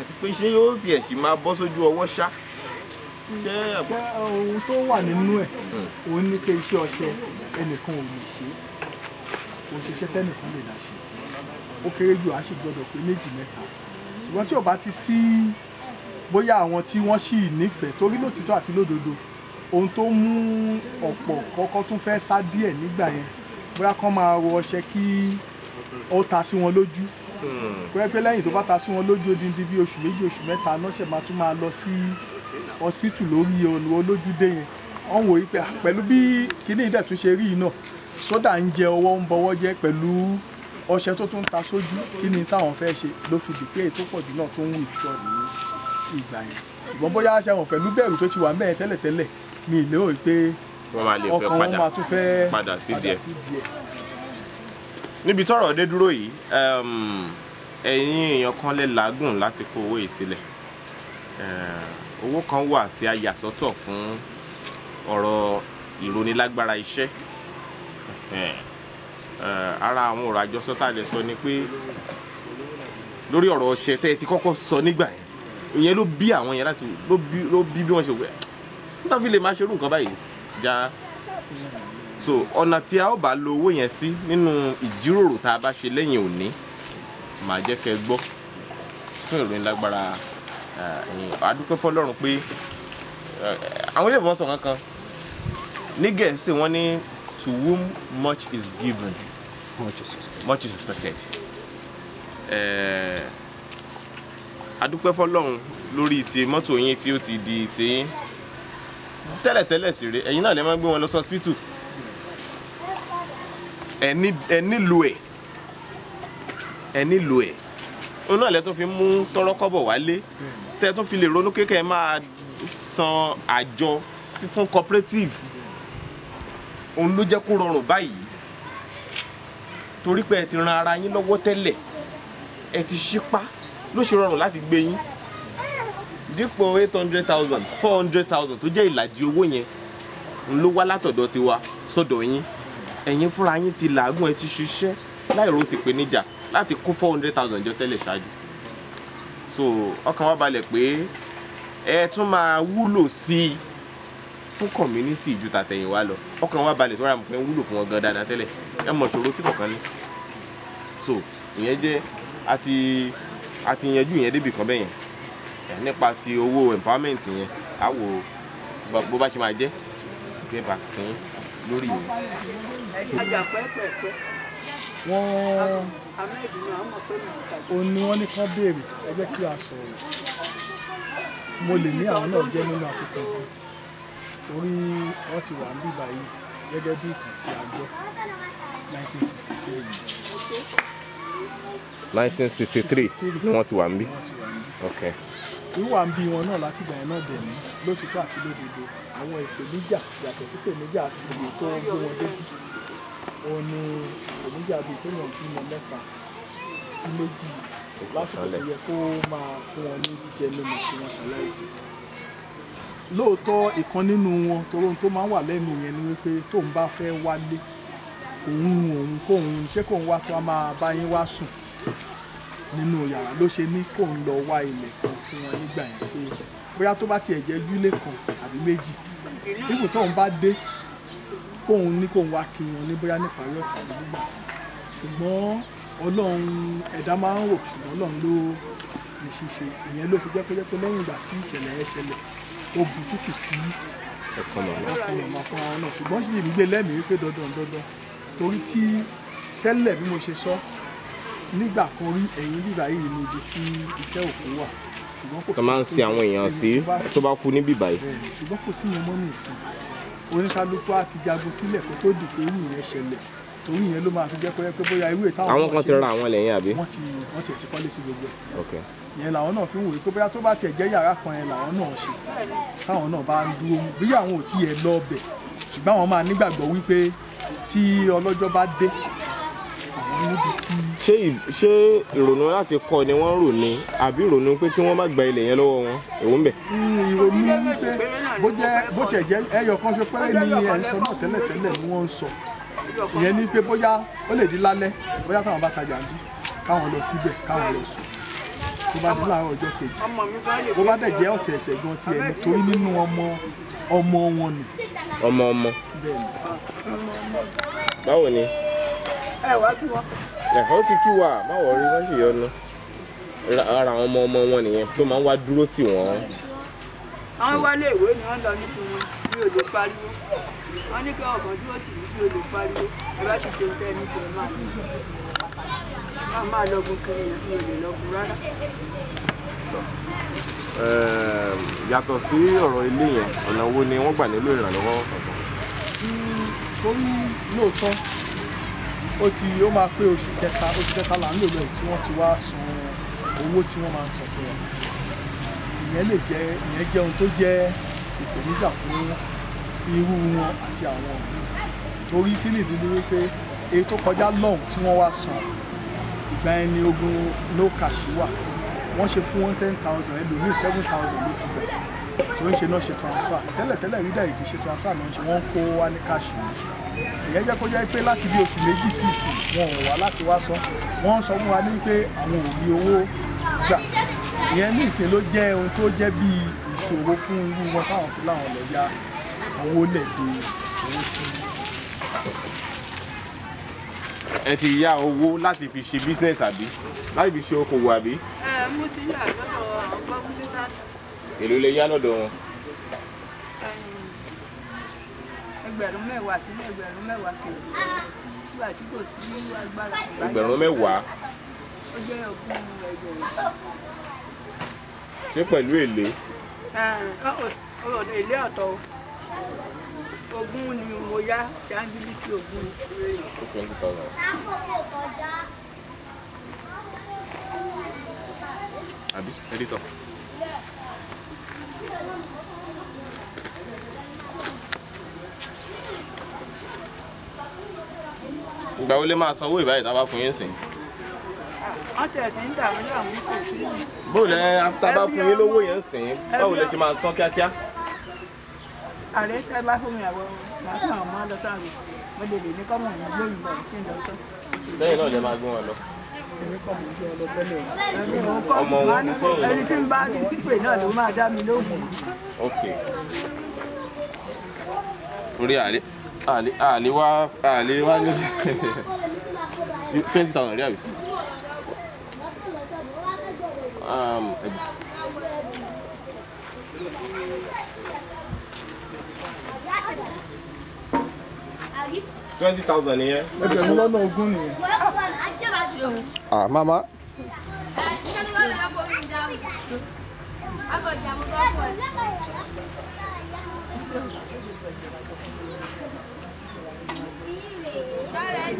àti pé ṣé yóò tiẹ̀ sì máa bọ́ sójú ọwọ́ ṣá. ṣé ohun tó wà nínú ẹ̀ hmm. òun ní pé iṣẹ́ ọṣẹ ẹnìkan ò lè ṣe òun ṣiṣẹ́ tẹ́nìkan lè dá ṣe ó kéré jù á sì gbọ́dọ̀ pé méjì mẹ́ta ṣùgbọ́n tí ò bá ti sí bóyá àwọn tí wọ́n sì nífẹ̀ẹ́ torí lótìtọ́ àti lódodo ohun tó mú ọ̀pọ̀ kọ́kọ́ tún fẹ́ sá díẹ̀ nígbà yẹn bóyá kán máa wọ ọṣẹ kí ó ta sí wọn lójú pé hmm. pé lẹ́yìn tó bá ta sí wọn lójú odindi bí oṣù méjì oṣù mẹ́ta lọ́sẹ̀ máa tún máa lọ sí hospital lórí olójúdé yẹn wọ́n wòye pé ah, pẹ̀lú bí kíní ìdẹ̀ tún ṣe rí yìí náà sódà ń jẹ ọwọ́ ń bọwọ́ jẹ́ pẹ̀lú ọṣẹ tó tún ta sójú kí ni táwọn fẹ́ ṣe ló fi dìpé ètò pọ̀jù náà tó ń wù ìṣọ́ ní ìgbà yẹn ìgbọ́n bóyá ṣe wọn pẹ̀lú bẹ̀rù tó ti wà mẹ́ẹ̀ tẹ́lẹ̀tẹ́lẹ̀ mi ì lérò pé wọ́n máa lè fẹ́ padà padà sí díẹ̀. níbi tọ́rọ̀ dé dúró yìí um, ẹ̀yin èèyàn kan lè làágùn láti kó owó yìí sílẹ̀ eh, owó kan wà tí a yà sọ́tọ̀ fún ọ̀rọ̀ ìrónilágbára iṣẹ́ eh, eh, ara àwọn ọ̀rọ̀ àjọsọ tá a lè sọ ni pé lórí ọ̀rọ̀ ọṣẹ tẹ́ ẹ ti kọ́kọ́ sọ nígbà yẹn ìyẹn ló bí àwọn yẹn láti ló bí bí wọ́n ṣe wẹ̀ nítorí fi lè máa ṣerú nǹkan báyìí já so ọ̀nà tí a ó bá lo owó yẹn sí nínú ìjíròrò tá a bá ṣe lẹ́yìn òní màá jẹ́ kẹ́ gbọ́ fún ìròyìn lágbára àdúpẹ́ fọlọ́run pé àwọn ilé ìbọn sọ kankan ní gẹ̀ẹ́sì wọ́n ní to whom much is given much is expected. Much is expected. Uh, fọlọ́run lórí ti mọ́tò yín tí ó ti di tiyín tẹ́lẹ̀tẹ́lẹ̀ sì rè ẹ̀yin náà lè máa gbé wọn lọ sọ́spítù ẹ̀ nílò ẹ̀ ẹ̀ nílò ẹ̀ òun náà lẹ tó fi mú tọrọ kọ́bọ̀ wálé tẹ́ tó fi lè ronú kékeré máa san àjọ fún cooperative òun ló jẹ́ kó rọrùn báyìí torí pé ẹ ti ran ara yín lọ́wọ́ tẹ́lẹ̀ ẹ ti ṣípá ló ṣe rọrùn láti gbé yín dípò eight hundred thousand four hundred thousand tó jẹ́ ìlàjì owó yẹn ń ló wá látọ̀dọ̀ tiwa sọ́dọ̀ yín ẹ̀yin fúnra yín ti làágùn ẹ ti ṣiṣẹ́ láìró ti pè láti kó four hundred thousand jọ tẹ́lẹ̀ ṣáájú so ọkàn wa balẹ̀ pé ẹ tún máa wúlò sí i fún community ju tàtẹ̀yìnwá lọ ọkàn wa balẹ̀ tó ra mọ̀ pé ń wúlò fún wọn gan dáadáa tẹ́lẹ̀ ẹ mọ̀ ṣòro tí kọ̀ọ̀kan ní so ìyẹn jẹ́ àti àti yanjú ìyẹn débì kan bẹ́yẹn Eh, nípa ti owó empowerment yẹn á bó bá ṣe máa jẹ́ pay back lórí yẹn. wọ́n ó ní wọ́n ní ká béèrè ẹ kí a sọ̀rọ̀ mo lè ní àwọn náà jẹ́ nínú àkókò kan torí wọ́n ti wà ń bíbá yìí gẹ́gẹ́ bí ìtàn tí a gbọ́ 1963 1963 ni wọ́n ti wà ń bí wíwà ń bí wọn náà láti ìgbà yẹn náà dẹ̀ ní lótìtọ́ àti lódodo àwọn ìpèníjà yàtọ̀ sí ìpèníjà àti ìwé tó ń gbé wọn débi òun ni ìpèníjà bíi pé wọn bímọ mẹ́ta sí méjì lásìkò tó yẹ kó máa fún wọn ní jíjẹ mímu kí wọ́n ṣaláìsí lóòótọ́ ìkan nínú wọn toró tó máa ń wà lẹ́nu yẹn ni wípé tóun bá fẹ́ wálé òun òun kóun ṣé kóun wá tó a máa bá yín wá sùn nínú yàrá ló ṣe ní kó ń lọ wá ilẹ̀ kan fún wọn nígbà yẹn pé bóyá tó bá tiẹ̀ jẹ́ júlé kan àbí méjì ipò tóun bá dé kóun ní kóun wá kí wọn ní bóyá níparí ọ̀sẹ̀ àbí nígbà ṣùgbọ́n ọlọ́run ẹ̀dá máa ń rò ṣùgbọ́n ọlọ́run ló ní ṣíṣe ìyẹn ló fi jẹ́pẹ́ jẹ́pẹ́ lẹ́yìn ìgbà tí ìṣẹ̀lẹ̀ ẹ ṣẹlẹ̀ ó bu tútù sí ọkùnrin fún àwọn náà ṣùgbọ́n ṣì ń gbé lẹ́mìí pé dandan dandan torí tí tẹ́lẹ̀ bí mo ṣe sọ nígbà kan rí ẹ̀yìn bíbá yìí ni ibi tí ìtẹ́ òkú wà ṣùgbọ́n kò sí. tó máa ń sin àwọn èèyàn sí tó bá kú ní bíbá yìí. ṣùgbọ́n kò sí yẹn mọ́ ní ìsìn oníkálukú á ti sílẹ̀ kó tó dìbò irú yẹn ṣẹlẹ̀ torí yẹn ló máa fi jẹ́ pé bóyá irú ìtàn. àwọn kan ti ra àwọn ilẹ̀ àbí. wọ́n ti wọ́n ti ẹ̀ ti kọ́lé sí gbogbo ẹ̀. yẹn làwọn náà fi ń wòye pé bóyá tó bá tiẹ̀ jẹ́ yàrá kan yẹn làwọn náà ṣe táwọn náà bá ń dúró mu bí àwọn ò tiẹ̀ lọ bẹ̀ ṣùgbọ́n àwọn máa nígbàgbọ́ wípé tí ọlọ́jọ́ bá dé àwọn níbi tí ṣé ṣé ìrònú láti kọ́ ni wọ́n rò ní àbí ìrònú pé kí wọ́n má gba ilẹ̀ yẹn lọ́wọ́ wọn èwo ń bẹ. ìrònú wípé bó jẹ bó tiẹ̀ jẹ́ ẹyọ kan ṣe pẹ́rẹ́ ni ẹ̀ ń sọ náà tẹ́lẹ̀tẹ́lẹ̀ ni wọ́n ń sọ ìyẹn ni pé bóyá ó lè di lálẹ́ bóyá táwọn bá tajà ń bí káwọn lọ síbẹ̀ káwọn lọ sùn tó bá dé láàárọ̀ ọjọ́ kejì bó bá dẹ̀ jẹ́ ọ̀sẹ̀ẹ̀sẹ̀ gan ti ẹni torí nínú ọmọ ọmọ wọn ni. ọmọ ọmọ báwo ni. ẹ wá tún wọn ẹ̀hán ti kí wa má wọ̀ rí wọ́n sì yọnu ara àwọn ọmọ ọmọ wọn nìyẹn tó máa ń wá dúró tì wọ́n. àwọn wálé ìwé ni wọ́n lọ ní tiwọn mi ò lè pariwo wọ́n ní kí ọkàn dúró tì mí mi ò lè pariwo ẹ bá ti ṣeun tẹ́ ní tiẹ̀ máa ní. máa máa lọ́gun kiri yẹn mi ò lọ́gun rárá. yàtọ̀ sí ọ̀rọ̀ ilé yẹn ọ̀nà wo ni wọ́n gbà nílò ìrànlọ́wọ́ kankan. Hmm, torí lóòótọ́ ó ti ó máa pé oṣù kẹta oṣù kẹta là ń lò lọ tí wọ́n ti wá san owó tí wọ́n máa ń san fún wa ìyẹn lè jẹ́ ìyẹn jẹ́ ohun tó jẹ́ ìpèníjà fún irú wọn àti àwọn míì torí kí nìdí ni wípé èyí tó kọjá lọ́hùn tí wọ́n wá san ìgbà yẹn ni ogun no cash wà wọ́n ṣe fún wọn ten thousand ẹlòmíì seven thousand ló fi bẹ̀rẹ̀ tó ń ṣe náà ṣe transfer tẹ́lẹ̀tẹ́lẹ̀ rí dàrí kì í ṣe transfer náà ṣe wọ́n kó wá ní káàṣì ìyẹn jẹ́ kó jẹ́ pé láti bí oṣù méjì sí ìsìn wọn ò wá láti wá san wọ́n ń sọ fún wa ní pé àwọn ò rí owó gbà ìyẹn ní ìsìn ló jẹ́ ohun tó jẹ́ bíi ìṣòro fún irú wọn táwọn fi láwọn lọ ya owó lẹ̀ dé owó tí. ẹ ti yá owó láti fi ṣe business àbí láti fi ṣe okòwò àbí. ẹ mo ti yà lọ́dọ̀ àwọn gbọ́mọdé èló lè yá lọ́dọ̀ wọn. ẹgbẹ̀rún mẹ́wàá sí ẹgbẹ̀rún mẹ́wàá kìlọ̀ nígbà tí kò sí agbára. ẹgbẹ̀rún mẹ́wàá. ó jẹ́ ogún ẹgbẹ̀rún. ṣé pẹ̀lú èlé. èlé ọ̀tọ̀ ogún ni mo yá ṣáńgílítì ogún. ó twenty thousand. àbí editor ìgbà wo lè máa sanwó ìbáyìí tá a bá fún yín sìn. wọ́n tẹ̀ tí ń dààmú dààmú kò sí. bó lẹ tá a bá fún yín lówó yẹn sìn báwo lè ṣe máa san kíákíá. ààrẹ tẹ bá fún mi àwọn màá fún àwọn ọmọ lọ sáàrò mo lè lè ní kọ́mọ̀ ìgbóyìnbó kí n lọ sọ. lẹ́yìn náà lè máa gbé wọn lọ ọmọ wọn ni kọ́ ẹni tí ń bá ní pípé náà ló máa dá mi orí àlè àlè àlè wá àlè wá ní twenty thousand rí àbí. Um, twenty thousand nìyẹn. ẹgbẹ̀rún lọ́nà ogún nìyẹn. ah mama.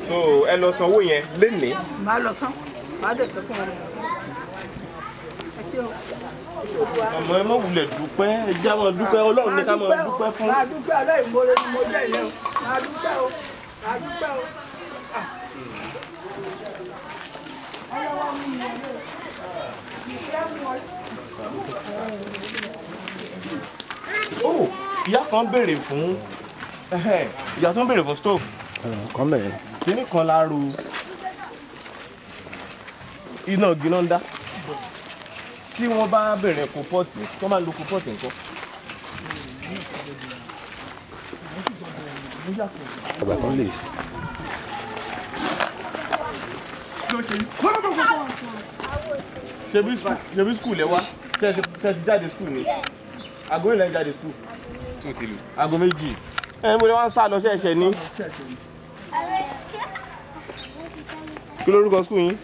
so ẹ lọ sanwó yẹn lénìí. màá lọ sán màá dẹ̀ sọ fún ọ àmọ́ ẹ má wulẹ̀ dúpẹ́ ẹ já máa dúpẹ́ ọlọ́run ní ká máa dúpẹ́ fún. máa dúpẹ́ ọlọ́run ìmoore ni mo jẹ́ ìyẹn o máa dúpẹ́ o àdúgbò ọlọ́wọ́ mi yẹn ìfẹ́ mu ọ. Ah. ó oh, ìyá kan béèrè fún ìyá tó ń béèrè fún stove. kàn bẹ̀rẹ̀. kíní kan láru iná gbiná ń dá tí wọ́n bá bẹ̀rẹ̀ kó pọ́ọ̀tì tó máa ń lo kó pọ́ọ̀tì nǹkan. ìgbà tó lè. ṣebí skul lẹ wá tẹ ti jáde skul ni aago mélòó jáde skul aago méjì ẹ mo ní wọn sá lọ ṣẹ̀ṣẹ̀ ní. kí lórúkọ skul yín.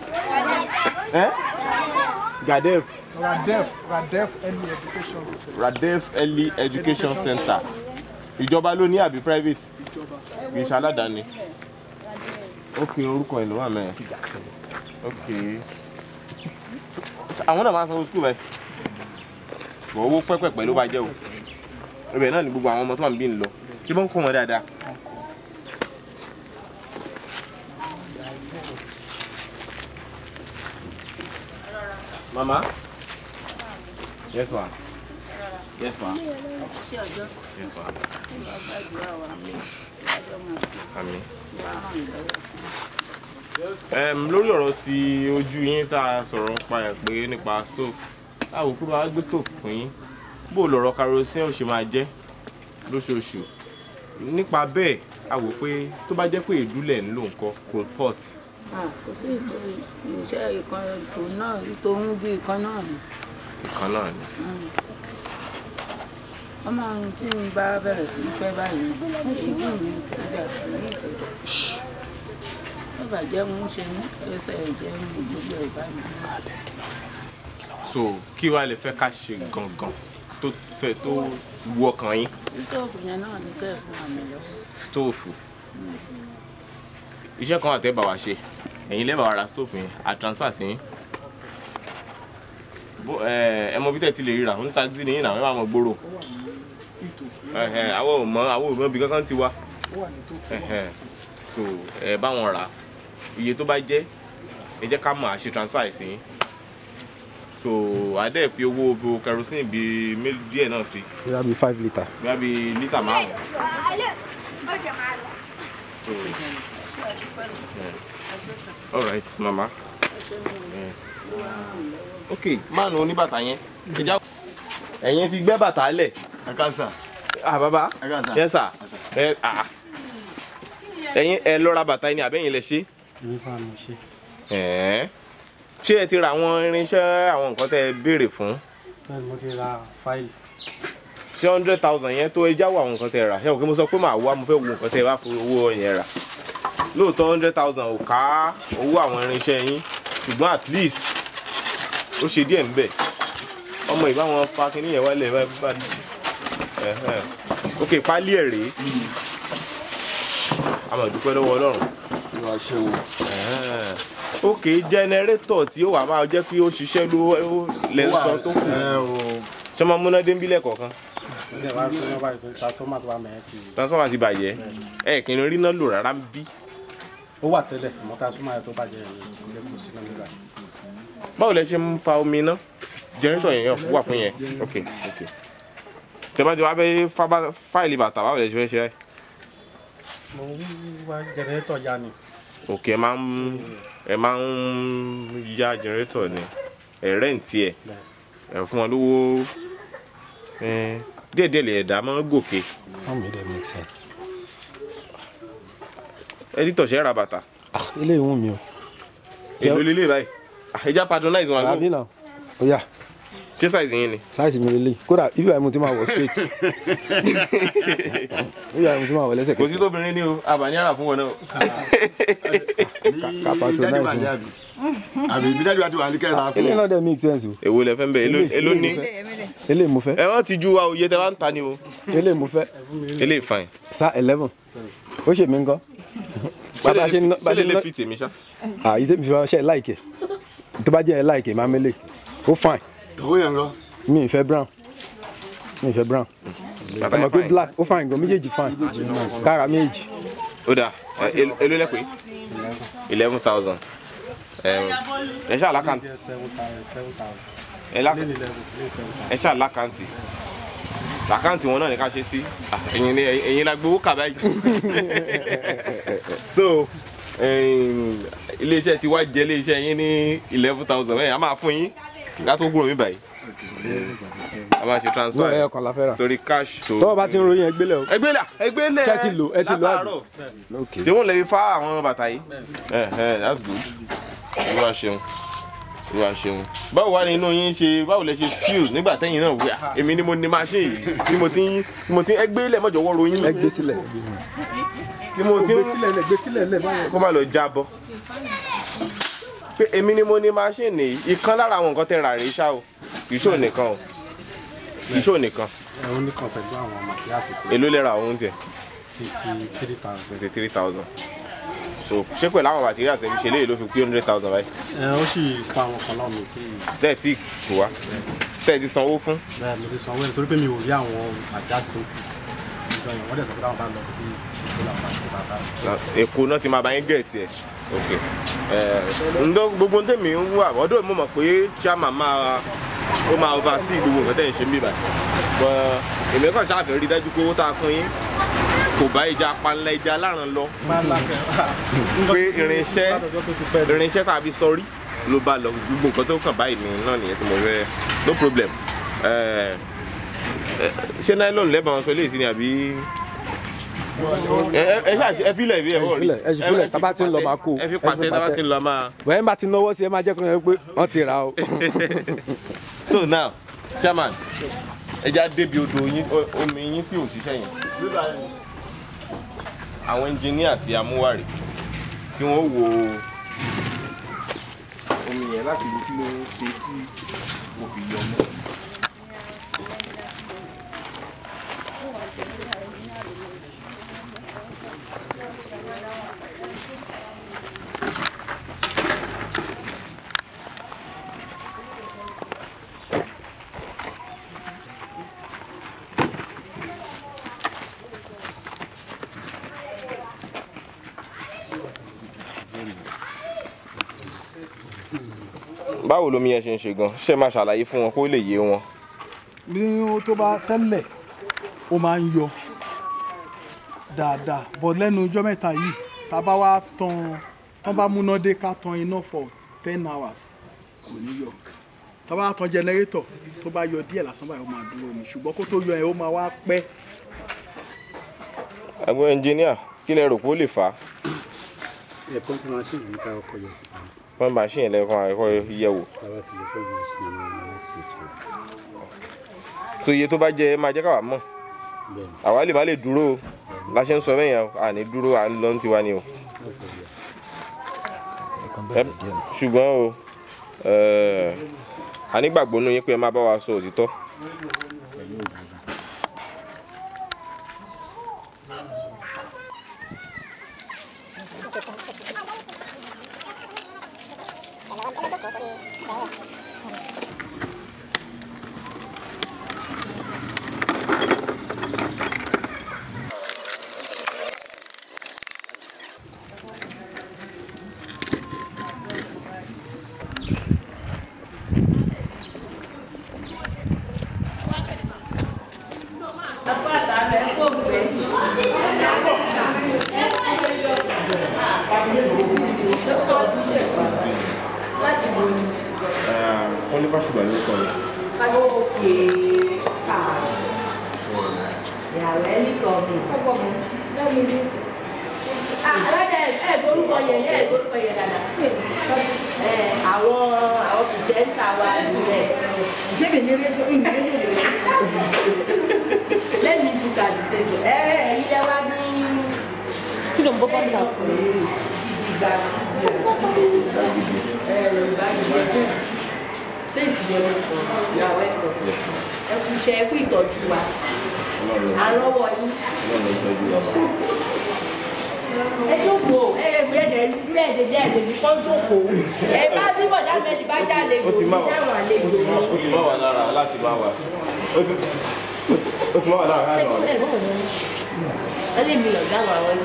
gadef. Radef, Radef Early Education Center. Radef Early Education Center. Ìjọba ló ní àbí private? kì í ṣe aládàáni ok orúkọ ẹ̀ ló wà mẹ́ẹ̀ ok àwọn náà máa sanwó skul bẹ́ẹ̀ bọ̀ owó pẹ́pẹ́pẹ́ ló bá jẹ́ o ibẹ̀ náà ni gbogbo àwọn ọmọ tó wà níbí ń lọ ṣé bọ́n kó wọn dáadáa. mama yes ma yes ma ṣe ọjọ́ tí wọ́n gbàdúrà wa ìdájọ́ máa fi wá hàn lọ́wọ́. lórí ọ̀rọ̀ ti ojú yín tá a sọ̀rọ̀ nípa ẹ̀ pé nípa stove táwọn òkú máa gbé stove fún yín bó lọ̀rọ̀ kerosene ṣe máa jẹ́ lóṣooṣù nípa bẹ́ẹ̀ a wò pé tó bá jẹ́ pé ìdúlẹ̀ ń lò nǹkan colport. kò sí iṣẹ́ ìkan náà tó ń gé ìkan náà ni. ìkan náà ni. Hmm ọmọ ohun tí n bá bẹ̀rẹ̀ sí fẹ́ báyìí mo sì bí mi kọjá ìlú ìfẹ́ bàbá jẹ́ mo ń ṣe ní ẹsẹ̀ ìjẹ́ ní gbogbo ìbá so kí wàá lè fẹ́ ká ṣe gangan tó fẹ́ tó wú ọkàn yín. sítòòfù yẹn náà ní kẹ́ ẹ̀ fún àmì lọ́wọ́. sítòòfù hmm. iṣẹ́ kan àtẹ́ bá wa ṣe ẹ̀yin lẹ́bàá wa ra yẹn a transfer sí yín eh, ẹ mọ bí tẹ̀ ti lè ríra ń taxi nìyí náà ẹ máa mọ gbòòrò àwọn ò mọ àwọn ò mọ ibi kankan ti wa? so ẹ bá wọn rà iye tó bá jẹ́ ẹ jẹ́ ká mọ̀ àṣe transfer sí so adé fi owó bo kerosene bíi méjì díẹ̀ náà sí. bóyá bíi five litre. bóyá bíi lítà márùn. all right mama yes. ok máàlù oníbàtà yẹn ẹ̀yin ti gbẹ́ bàtà lẹ̀. ẹ ká ah baba yes sir ẹ ah, ah. ẹyin ẹ lọ ra bàtà yín ni àbẹ́yìn lẹ ṣe. mi fa mo ṣe. ṣé ẹ ti ra àwọn irinṣẹ́ àwọn nǹkan tẹ́ ẹ béèrè mo ti ra fáìlì. ṣé hundred thousand yẹn tó ẹ jáwọ́ àwọn ra. tẹ́ ẹ rà ṣé òkè mo sọ pé màá wá mo fẹ́ wo nǹkan tẹ́ ẹ bá fi owó yẹn rà lóòótọ́ hundred thousand ò ká owó àwọn irinṣẹ́ yín ṣùgbọ́n at least ó ṣe díẹ̀ ń bẹ̀ ọmọ ìbáwọn fa kinní yẹn wálé bá ok pálí ẹ̀ rèé a máa dúpẹ́ lọ́wọ́ ọlọ́run. ìwà ok jẹnẹrétọ̀ tí ó wà máa jẹ́ pé ó ṣiṣẹ́ ló lẹ́sọ̀ tó kù ṣé máa múná dé ń bílẹ̀ kọ̀ọ̀kan. transformer ti bàjẹ́ ẹ kì í rí iná lò rárá ń bí. ó wà tẹ́lẹ̀ mọ́ transformer tó bàjẹ́ yẹn kò sí iná nígbà yẹn. báwo lẹ ṣe ń fa omi iná jẹnẹrétọ̀ yẹn wà fún yẹn ok ok tẹ́bá ti wá bẹ́ fáìlì bàtà báwo lè ṣe fẹ́ ṣe ẹ́. mo ń wá jẹnẹrétọ̀ ya ni. òkè ẹ máa ń ẹ máa ń ya jẹnẹrétọ̀ ni ẹ rẹ́ǹtì ẹ ẹ fún wọn lówó díẹ̀díẹ̀ lè dá máa ń gòkè. how may that make sense. editor ṣe ra bàtà. ilé ìwọ̀n mi o. èlò lílé báyìí ìjà ah, patronize wọn. àbí náà ṣé size yín ni. size mi lele kódà ibi àìmọ̀ tí máa wọ̀ straight ibi àìmọ̀ tí máa wọ̀ lẹ́sẹ̀kẹsẹ̀. kò sí tóbìnrin ní o àbàní àrà fún wọn náà. ká patronize ni àbí ibi dájú àti wàhálì kẹrin àfún. eléyìí náà dẹ̀ make sense o. èwo lẹ fẹ́ bẹ́ẹ̀ èló ní. eléyìí mo fẹ́. ẹ wọ́n ti ju wa òye tẹ wá ń ta ni o. eléyìí mo fẹ́. eléyìí fine. sa eleven ó ṣe mí nǹkan. ṣe lè fi tèmi ṣá. àyè tèmi fi wá ṣe láìkè tó bá jẹ́ láìkè máa mélé ó fine tọwọ yẹn lọ. mi ì fẹ́ brown mi ì fẹ́ brown àtàwọn pé black ó fine gan méjèèjì fine kára méjèèjì. ó dà èló lẹ pé eleven thousand ẹ ṣáà lákàntì ẹ ṣáà lákàntì àkáǹtì wọn náà ni ká ṣe sí ah, ẹ̀yin ni ẹ̀yin la gbowó kà báyìí so iléeṣẹ́ tiwa jẹ́ iléeṣẹ́ yín ní eleven thousand ẹ̀ a máa fún yín látó gùn mí báyìí a máa ṣe transfer ẹ ọkàn la fẹ́ rà torí cash tó tọ́wọ́ bá ti ń ròyìn ẹgbẹ́lẹ̀ o ẹgbẹ́lẹ̀ ẹgbẹ́lẹ̀ ṣé ti lò ẹ ti lò àbí ṣé wọ́n lè fa àwọn bàtà yìí ẹ ẹ that's good olúwa ṣeun olúwa ṣeun báwo wá ní inú yín ṣe báwo lẹ ṣe feel nígbà tẹ́yìn náà wíyà èmi ni mo ní machine yìí tí mo ti ń mo ti ń ẹgbẹ́lẹ̀ mọ́jọ́ wọ́ ròyìn ẹgbẹ́ sílẹ̀ tí mo ti ń gbé sílẹ̀ lẹ̀ gbé sílẹ̀ lẹ̀ báyọ̀ kó má lọ jábọ́ pé èmi ni mo ní máṣíìnì yìí ìkan lára àwọn nǹkan tẹ́ rà rèé ṣá o kì í ṣò nìkan o kì í ṣò nìkan. ẹ̀rọ nìkan pẹ̀lú àwọn màkíyàsì tí. èló lè ra òun tiẹ̀. fifty three thousand. fifty three thousand so ṣé pẹ̀lú àwọn material tẹ̀bí ṣe léyìí ló fi pé hundred thousand báyìí. ẹ ó sì pa àwọn kan náà mi tí. tẹ́ẹ̀ tí kò wá tẹ́ẹ̀ ti sanwó fún. bẹ́ẹ̀ mo ti sanwó ẹ̀ torí pé mi ò rí àwọn àjáde èkó náà ti máa bá yín gẹ̀ẹ́tì ẹ̀ ok ǹdọ́ eh, gbogbo ń tèmi ń wà ọdún mo mọ̀ pé chairman máa ó máa oversee gbogbo nǹkan tẹ̀ ń ṣe ń bíbà bọ́ èmi kàn ṣáàfẹ́ rí dájú pé owó tá a fún yín kò bá ìjà panlẹ̀ ìjà aláàrán lọ pé irinṣẹ́ irinṣẹ́ tàbí sọrí ló bá lọ gbogbo nǹkan tó kàn báyìí náà nìyẹn tí mo fẹ́ no problem eh, eh, ṣé nylon lẹ́bàá wọn sọ eléyìí sí àbí so now chairman ẹ já débi odò omi yín tí ò ṣiṣẹ́ yẹn àwọn ẹnjìníà ti amúwárì kí wọ́n wo omi yẹn láti wo kí ló ṣe kí wọ́n yọ ọmọ. báwo lomi yẹn ṣe ń ṣe gan ṣe máa ṣàlàyé fún wọn kó lè yé wọn. bí o tó bá tẹ́lẹ̀ ó máa ń yọ dáadáa bọ̀ lẹ́nu ọjọ́ mẹ́ta yìí tá a bá wá tan tán bá múná dé ká tan iná for ten hours kò ní yọ tá a bá tan jẹnẹrétọ̀ tó bá yọ díẹ̀ lásán báyìí ó máa dúró ni ṣùgbọ́n kó tó yọ ẹ̀ ó máa wá pẹ́. ẹ̀gbọ́n ẹnjìníà kí lẹ rò pé ó lè fà á. ẹ̀kọ́ tí wọ́n ṣe yìí ká ọkọ̀ yọ sí i wọn machine yẹn lẹ kàn ẹkọ yẹ wò. so iye tó bá jẹ ẹ máa jẹ káwa mọ̀ àwa lè má lè dúró la ṣe ń sọ bẹ́ẹ̀ yẹn à ní dúró à ń lọ tiwa ni o. ṣùgbọ́n o a nígbàgbọ́ nínú yín pé ẹ máa bá wa sọ òtítọ́.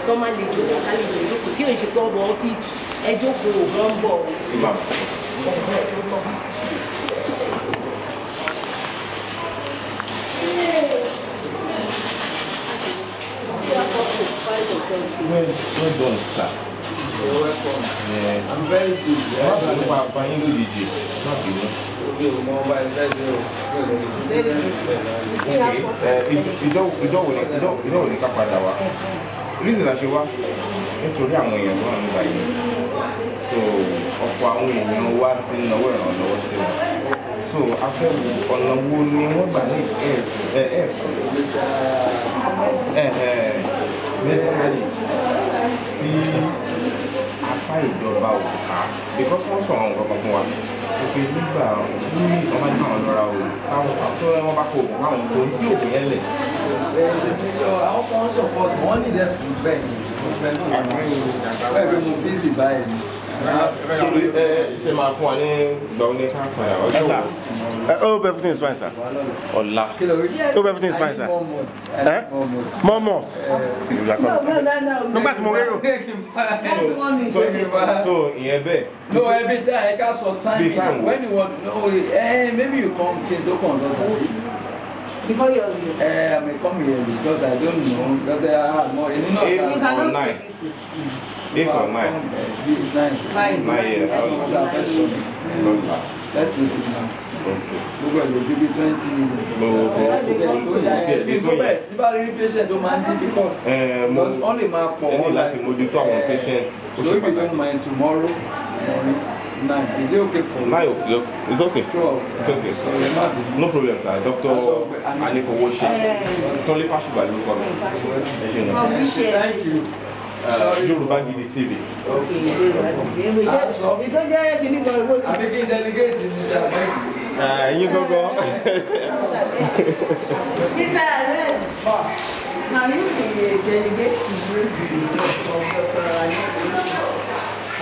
kán má lè jókòó ká lè lè jókòó tí òun ṣe pé ọbọ ọ́fíìsì ẹ jókòó wọ́n ń bọ̀ o. Well, well done, sir. You're welcome. Yes. I'm very good. Yes. I'm DJ. Not you. Okay. Uh, you don't, you don't, you don't, you don't, you don't, you don't, you reason that ṣe wá nítorí àwọn èèyàn tó wà nígbà yìí so ọ̀pọ̀ àwọn èèyàn wa ti ń nawọ́ ìrànlọ́wọ́ sí wọn so afẹ́wò ọ̀nà wo ni wọ́n gbà ní ẹ̀ẹ́kọ́ mẹ́tẹ́rẹ́lì sí apá ìjọba òkúta because wọ́n sọ àwọn nǹkan fún wa òfin nígbà ní ọmọdé àwọn lọ́ra o táwọn tó wọn bá kó òògùn àwọn kò ní sí òògùn yẹn lẹ̀ àwọn kan sọ̀pọ̀ tí wọ́n nílẹ̀ fún bẹ́ẹ̀ bẹ́ẹ̀ bí mo bí sì báyìí. ṣe máa fún wa ní gbọ̀n ní káfíńà ọjọ́ wo. Oh, everything is fine, sir. Ọlá. Oh, everything is fine, sir. Eh? More months. No, no, no, no. Number tomorrow. So, so ìyẹn bẹ́ẹ̀. No, every time I can so time. When you want, no, eh, maybe you come, can do come. Before you uh, eh, I may come here because I don't know because I have more. You know, eight or nine. Eight or eh, nine. Nine. Nine. Nine. Nine. Nine. Let's do it now. Gbogbo ẹ̀rọ give me twenty minutes. Oh, okay. bẹ̀ sí bá rí patient ó máa ń difficult. Eh, because my lè máa pọ̀ wọ́n láti mójútó àwọn patients. So if you don't mind tomorrow morning. Nine. Is it okay for you? Nine o'clock. It's okay. Twelve. It's okay. So you're not No problem, sir. Doctor Anifo Woshi. Tọ́lé Fáṣùgbà ló kọ́ mi. Ẹ ṣe nà sí. Thank you. Yorùbá Gidi TV. Ah, ìtọ́ jẹ́ kìíní kan ewé. Àbí kí n delegate ti ṣe àbẹ́. Ẹyin gọ́gọ́. Sísá rẹ̀ bọ̀. Màá yóò ṣe delegate ìdúró ìdìbò ọ̀sán ọ̀sán ara ní ìlú.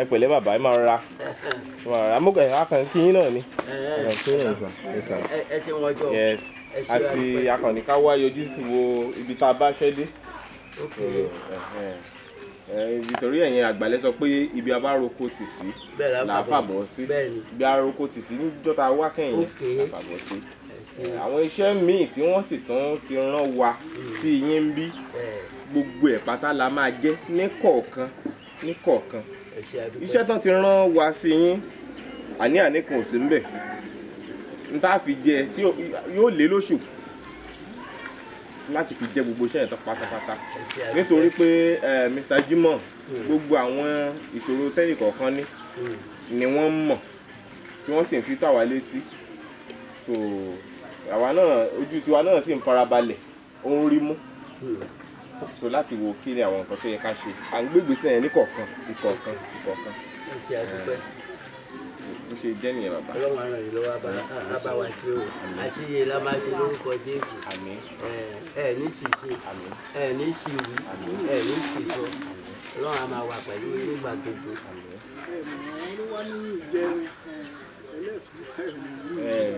ẹ pẹ̀lẹ́ bàbá ẹ máa rọra amúgbẹ̀ akàn kíyín náà ni akàn kíyín náà sà ẹ sà ẹ ṣe wọn jọ yes àti akànnì ká wá yọjú sí wo ibi tá a bá ṣẹ́ dé nítorí ẹ̀yin àgbàlẹ̀ sọ pé ibi abároko tì sí là á fàbọ̀ sí ibi aroko tì sí níjọ́ta wá kẹ́yìn àfàbọ̀ sí àwọn iṣẹ́ míì tí wọ́n sì tún ti rán wa sí yín ń bí gbogbo ẹ̀ pátá la máa jẹ́ ní kọ̀ọ̀kan ní kọ̀ọ̀kan iṣẹ́ tán ti rán wa sí yín àní àní kan ò sí ń bẹ n tá a fi jẹ tí yóò lé lóṣù láti fi jẹ gbogbo iṣẹ́ yẹn tán pátápátá nítorí pé Mr. Jimoh gbogbo àwọn ìṣòro tẹ́nì kọ̀ọ̀kan ní ni wọ́n mọ̀ tí wọ́n sì ń fi tó àwa létí so àwa náà ojú tiwa náà sì ń farabalẹ̀ ó ń rí mú so láti wo kí ni àwọn nǹkan tó yẹ ká ṣe à ń gbégbèsè yẹn ní kọ̀ọ̀kan ìkọ̀ọ̀kan ìkọ̀ọ̀kan. ẹ ṣe àdúgbò jẹ́ nìyẹn bàbá. ọlọ́run àrùn yìí ló bá wa ṣe o àṣeyẹ la máa ṣe lórúkọ jésù ẹ ní ṣìṣe ẹ ní ṣìwí ẹ ní ṣìṣọ ọlọ́run a máa wà pẹ̀lú nígbà gbogbo. ẹ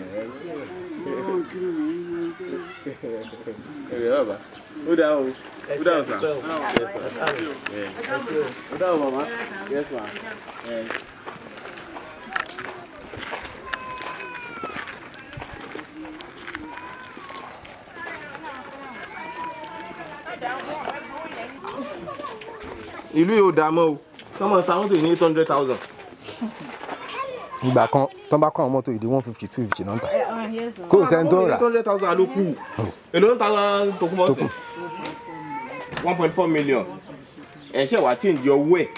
ẹ bàbá ó dáa o. Good down, Yes, sir. Good down, Mama. Yes, ma. Yes. ìlú yóò dá mọ́ o sọmọ sàmọ́tò ní eight hundred thousand. ìgbà kan tó bá kọ́ àwọn mọ́tò ìdí one fifty two fifty náà ń tà kó o sẹ́ni tó rà. eight hundred thousand alókù oh. èlò ń ta tòkùnmọ́sí one point four million ẹ ṣe wàá change owó ẹ̀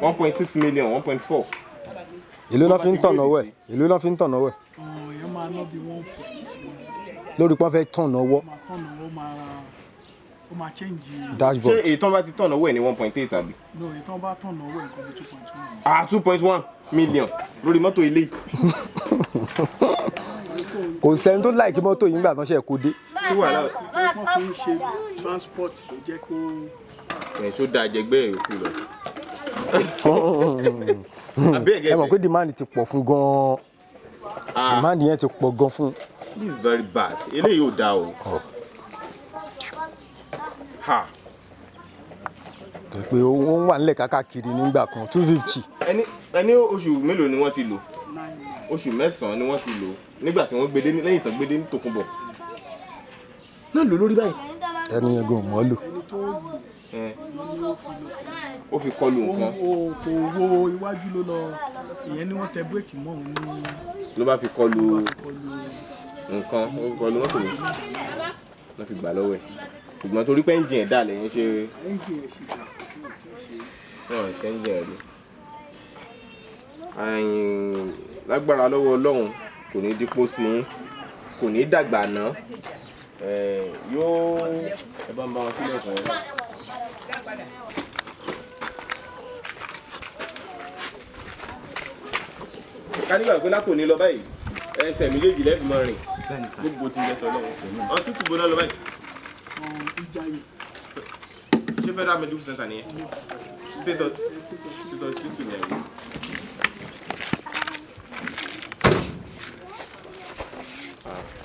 one point six million one point four. ìlú náà fi ń tọ̀nà owó ẹ̀ ìlú náà fi ń tọ̀nà owó ẹ̀. èèyàn máa ná bí one fifty sí one sixty. lórí pọ́n fẹ́ tọ̀nà owó. tọ̀nà owó máa ra ó máa change. dashboard ṣé èyí tán bá ti tọ̀nà owó ẹ̀ ní one point eight àbí. no èyí tán bá tọ̀nà owó ẹ̀ nǹkan bí two point one. ah two point one million lórí mọ́tò ilé yìí. kò sẹ́ni tó láìkí mọ́tò yìí nígbà tán ṣe kó dé. ṣé wàhálà wọ́n fi ń ṣe transport tó jẹ́ kó. ẹ̀ da àjẹgbẹ́ ìkú lọ. ẹ mọ̀ pé demand ti pọ̀ fún gan-an ah. demand yẹn ti pọ̀ gan fún. this is very bad eléyìí ò dáa o. Oh. ha pé ó ń wà nílẹ̀ kákàkiri nígbà kan two fifty. ẹni ẹni oṣù mélòó ni wọ́n ti lò oṣù mẹ́sàn-án ni wọ́n ti lò nígbà tí wọ́n gbé lẹ́yìn tán gbé ní Tòkunbọ̀ náà ló lórí báyìí. ẹni yẹn gan mọ́ lò. ẹni tó ó fi kọlu nǹkan. kò wo iwájú ló lọ ìyẹn ni wọ́n tẹ búrẹ́kì mọ́ òun ní. ló bá fi kọlu nǹkan ó fi kọlu mọ́tò mi wọ́n fi gbà lọ́wọ́ ẹ̀ ṣùgbọ́n torí pé ẹ́ńjìn ẹ̀ dà lẹ́yìn ṣe. ẹ́ńjìn ẹ̀ ṣì dà náà ṣe ẹ́ńjìn ẹ̀ rí lágbára lọ́wọ́ ọlọ́run kò ní dípò sí yín kò ní dàgbà náà yóò ẹ bá ń bá wọn sílẹ̀ fún ẹ. ká nígbà pé látòní lọ báyìí ẹsẹ̀ méjèèjì lẹ́ẹ̀fì máa rìn gbogbo ti jẹ tọ́lọ́ ọtútù gbóná lọ báyìí. ṣé federal medical center nìyẹn state hospital nìyẹn. Thank ah. you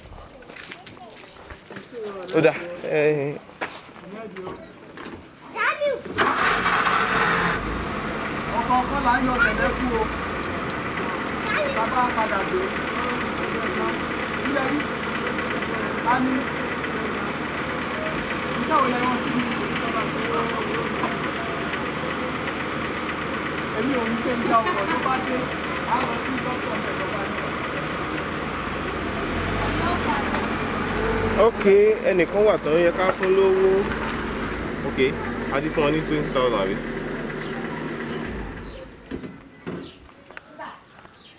udah dà ọkọ̀ ọkọ̀ là ń yọ sẹ̀lẹ̀ kú o bàbá ok ẹnìkan wà tán yẹ ká fún lówó ok a ti fún ọ ní twenty thousand àbí.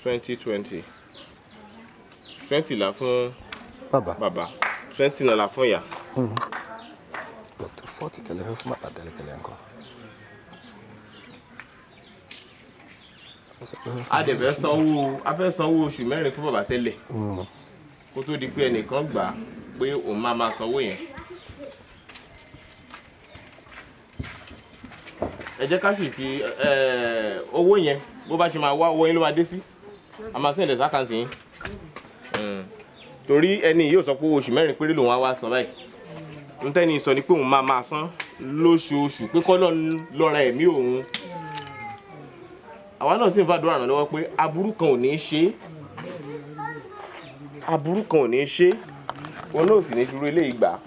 twenty twenty twenty la fún bàbá bàbá twenty náà la fún ìyá. Mhm. doctor forty tẹ́lẹ̀ fẹ́ fún bàbá tẹ́lẹ̀ tẹ́lẹ̀ nǹkan. a dẹ̀ fẹ́ sanwó a fẹ́ sanwó oṣù mẹ́rin fún bàbá tẹ́lẹ̀ mhm. kó tó di pé ẹnìkan gbà á pé òun máa máa sanwó yẹn. ẹ jẹ́ ká sì fi owó yẹn bó bá ṣe máa wá owó yín ló máa dé sí a máa sẹ́ǹdẹ̀ sákàǹtì yín hmm. torí ẹni yóò sọ pé oṣù mẹ́rin péré lòun á wá san báyìí n tẹ́ni sọ ni pé òun máa máa san lóṣooṣù pé kọ́ lọ́ra ẹ̀mí òun àwa náà sì ń fàdúrà ràn lọ́wọ́ pé aburú kan ò ní í ṣe aburú kan ò ní í ṣe é wọn náà sì ní dúró ilé ìgbà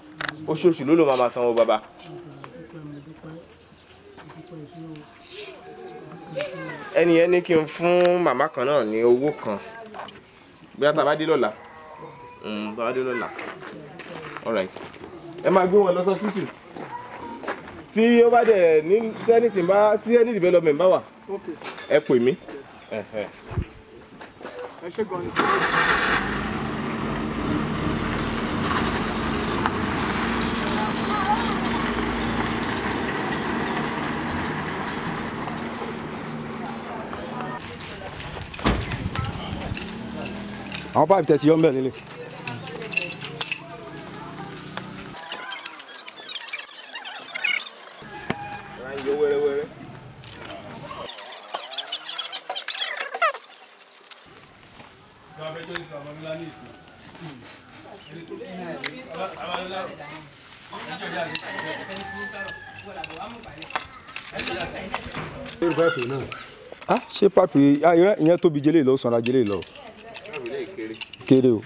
oṣooṣù ló ló máa máa sanwó bàbá. ẹni yẹn ní kí n fún màmá kan náà ní owó kan bóyá tá a bá dé lọ́la hmm, tá a dé lọ́la all right ẹ máa gbé wọn lọ sọ́sítù tí ó bá dẹ̀ ní tẹ́ni tí bá tí any development bá wà ẹ pè mí. ẹ ṣe gan-an. àwọn páìpù tẹ̀ ti yọ ń bẹ̀ lélẹ̀. ṣé páìpù ah, ah, ìyẹn tóbi jẹlé lọ sanra jẹlé lọ. geliyor.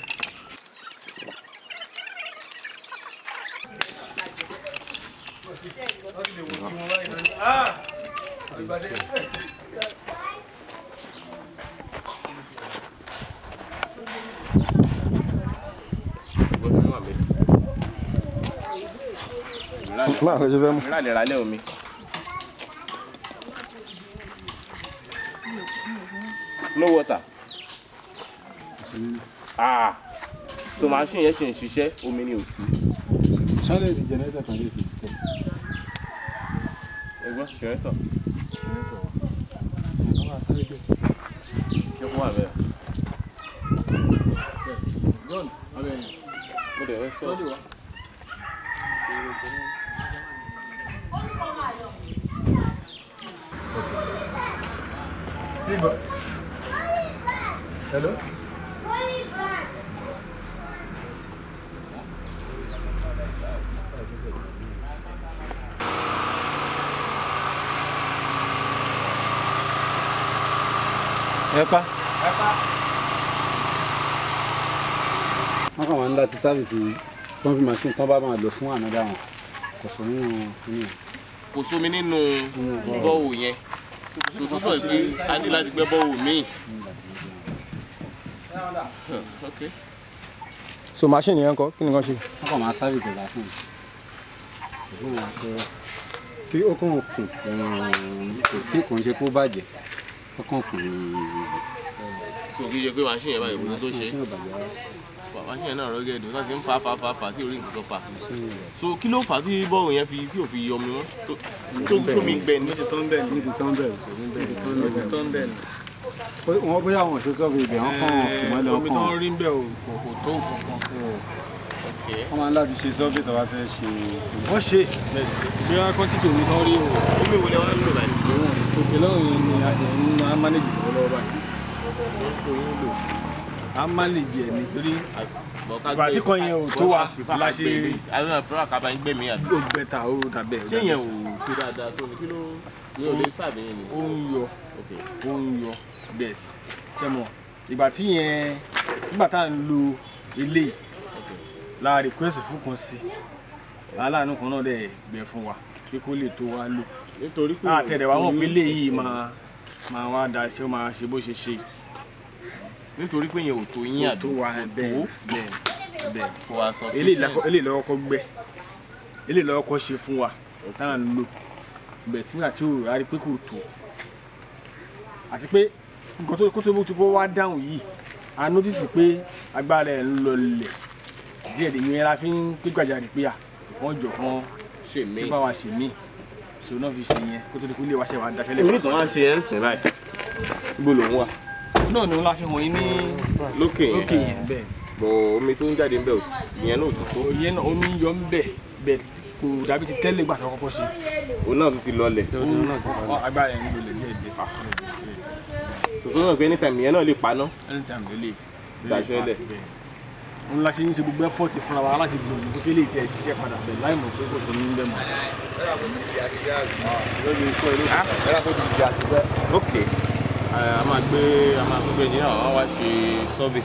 Lá, já vemos. Lá, lá, lá, omi. No water. ah so machine yẹn ṣì ń ṣiṣẹ́ omi ni ò sí. sálẹ̀ ní jẹnẹrétọ̀ tàbí ètò ìtọ́. ẹ̀gbọ́n jẹnẹrétọ̀. ṣé wà bẹ́ẹ̀. john abẹ́yẹn. mo dẹ̀ sọ. Hello? pa? ẹ̀pá. ẹ̀pá. wọ́n kàn wá ń láti sáfìsì pọ́ǹpì machine tán bá máa lò fún ànádà wọn kò sọ nínú kíní yẹn. kò sómi nínú bọ́ọ̀wù yẹn so tó sọ pé a ní láti gbẹ́ bọ́ọ̀wù míì. so machine yẹn kọ kí ni wọ́n ṣe. wọ́n kàn máa sáfìsì lásán kí ó kàn kùn kò sí kò ń ṣe kó bàjẹ́ kọ́kọ́ pè é. so kì í ṣe pé machine yẹn báyìí òun tó ṣe machine yẹn náà rọ́gẹ̀dẹ̀ wọ́n ti ń fa fa fa fa tí orí nǹkan fa so kí ló fà á tí bọ́ọ̀lù yẹn fi tí ò fi yọ mi mọ́ tó sómi gbẹ ní. ní ti tán bẹ́ẹ̀ ní ti tán bẹ́ẹ̀ ní ti tán bẹ́ẹ̀ wọ́n bóyá àwọn òṣìṣẹ́ ọ̀gbìn ibẹ̀ wọ́n kàn kì mọ́ lọ́kàn. omi tó ń rí ń bẹ̀ ò kò tó nǹkan wọ́n máa ń láti ṣe sọ́ọ̀bì tó bá fẹ́ ṣe. wọ́n ṣe bí wọ́n á kọ́ títì omi tó ń rí o. omi wo ni wọ́n á lò báyìí eléyìí ni a sì ń máa mánéjì lọ́wọ́ báyìí a mánéjì ẹ̀ nítorí bàtí kan yẹn ò tó wa la ṣe àwọn àfúrà kaba ń gbẹ̀mí àbí. yóò bẹ ta ooru tàbí ẹ̀. ṣé yẹn ò ṣe dáadáa tó ni kí ló ní olè sàbẹ̀yìn ni. ó ń yọ ó ń yọ bẹ́ẹ̀ ṣe mọ̀ ìgbà request fún kan sí aláàánú kan náà dẹ̀ gbẹ fún wa pé kó lè tó wa lò nítorí pé àtẹ̀rẹ̀ wa wọ̀ pé léyìí máa máa wá da ṣe máa ṣe bó ṣe ṣe nítorí pé yẹn ò tó yín àdó wa bẹ́ẹ̀ bẹ́ẹ̀ bẹ́ẹ̀ kó wa sọ fíṣẹ́ eléyìí lọ́wọ́ kọ́ gbẹ eléyìí lọ́wọ́ kọ́ ṣe fún wa táwọn ń lò bẹ́ẹ̀ tí àti òòrùn á rí pé kò tó àti pé nǹkan tó kó bó tó bó wá dáhùn yìí a nọ́tìsì pé agbára ẹ̀ ń lọlẹ̀ díẹ̀ dèyí yẹn la fi ń gbégbàjarè pé à wọ́n jọ̀ kan ṣe mí. bá wa ṣe mí so náà fi ṣe yẹn kó tó di kó lè wá ṣe wàá daṣẹ́ lẹ́kọ̀ọ́. ìmúlùtàn wá ṣe yẹn ń sìn báyìí ibo lòun wà. náà ni wọn la fi hàn yín ní lókè yẹn lókè yẹn bẹ́ẹ̀. bọ omi tó ń jáde ń bẹ ìyẹn náà tó tó. òye náà omi ń yọ ń bẹ bẹ kò dàbí ti tẹ́lẹ̀ gbàtọ́ kọ́kọ́ ṣe. òun náà ti lọlẹ̀. òun náà ah. náà pé anytime ìyẹn náà lè paná. anytime ló lè. daṣẹ́ lẹ̀ ń la ṣe ń ṣe gbogbo ẹfọ́ọ̀tì fúnra wa láti gbòòrò pé kéle ìtì ẹ̀ ṣiṣẹ́ padà bẹ̀ láì mọ̀ pé kò sọ ní bẹ́ẹ̀ mọ́. ok a máa gbé a máa gbé ní àwọn wá ṣe survey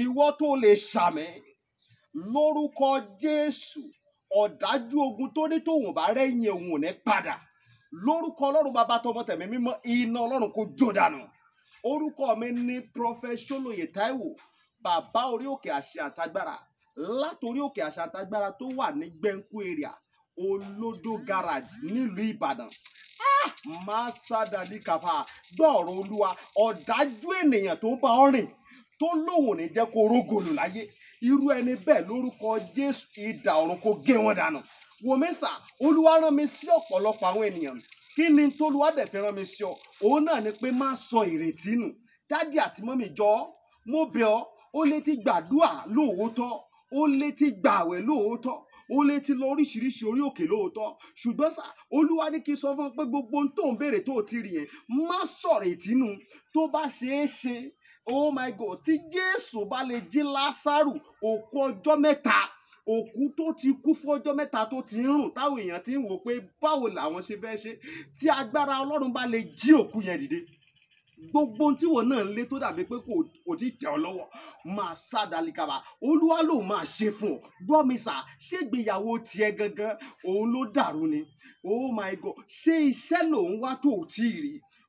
ìwọ tó lè ṣàmì lórúkọ Jésù ọ̀dájú ogun tó ní tòun bá rẹ́yìn òun ò ní padà lórúkọ ọlọ́run bàbá tọmọ tẹ̀mí mímọ́ iná ọlọ́run kò jó dànù orúkọ mi ní prọfẹsọlóye Táíwò bàbá orí òkè àṣẹ àtagbára látòrí òkè àṣẹ àtagbára tó wà ní gbẹ̀ǹkú area olódó garage nílùú Ìbàdàn ah! máa sádàdí kàfà gbọ́ ọ̀rọ̀ olúwa ọ̀dájú ènìyàn tó ń bá ọ rìn tó lóun ò ní jẹ́ kó rógòlù láyé irú ẹni bẹ́ẹ̀ lórúkọ Jésù idà ọ̀run kó gé wọn dànù wòmísà olúwa rán mi sí ọ̀pọ̀lọpọ̀ àwọn ènìyàn kí ni tolúwa dẹ̀ fi rán mi sí ọ òun náà ni pé má sọ ìrètí nù dádì àti mọ́mì jọ ọ́ mo bẹ̀ ọ́ ó lè ti gbàdúà lóòótọ́ ó lè ti gbààwẹ̀ lóòótọ́ ó lè ti lọ oríṣiríṣi orí òkè lóòótọ́ ṣùgbọ́n sà olúwa ní kí n sọ fún ọ pé gbogbo ohun tó ń béèrè tó ti rí yẹn má sọ̀rètí nù tó bá ṣeé ṣe oh my god tí jésù bá lè jí lásàrù òkú ọjọ́ mẹ́ta òkú tó ti kú fún ọjọ́ mẹ́ta tó ti ń rùn táwọn èèyàn ti ń wò pé báwo làwọn ṣe fẹ́ ṣe tí agbára ọlọ́run bá lè jí òkú yẹn dìde gbogbo tí wọn náà ń lé tó dàbí pé kò tí tẹ̀ ọ́ lọ́wọ́ máa sá dalikaba olúwa ló máa ṣe fún ọ gbọ́ mi sà ṣégbéyàwó tiẹ̀ gangan òun ló dàrú ni oh my god ṣé iṣẹ́ lòun wá tó ò tí ì rí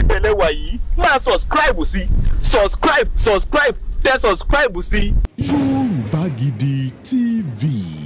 ìbẹ̀lẹ̀ wà máa subscribe sí subscribe subscribe tẹ subscribe sí. Yorùbá Gidi TV.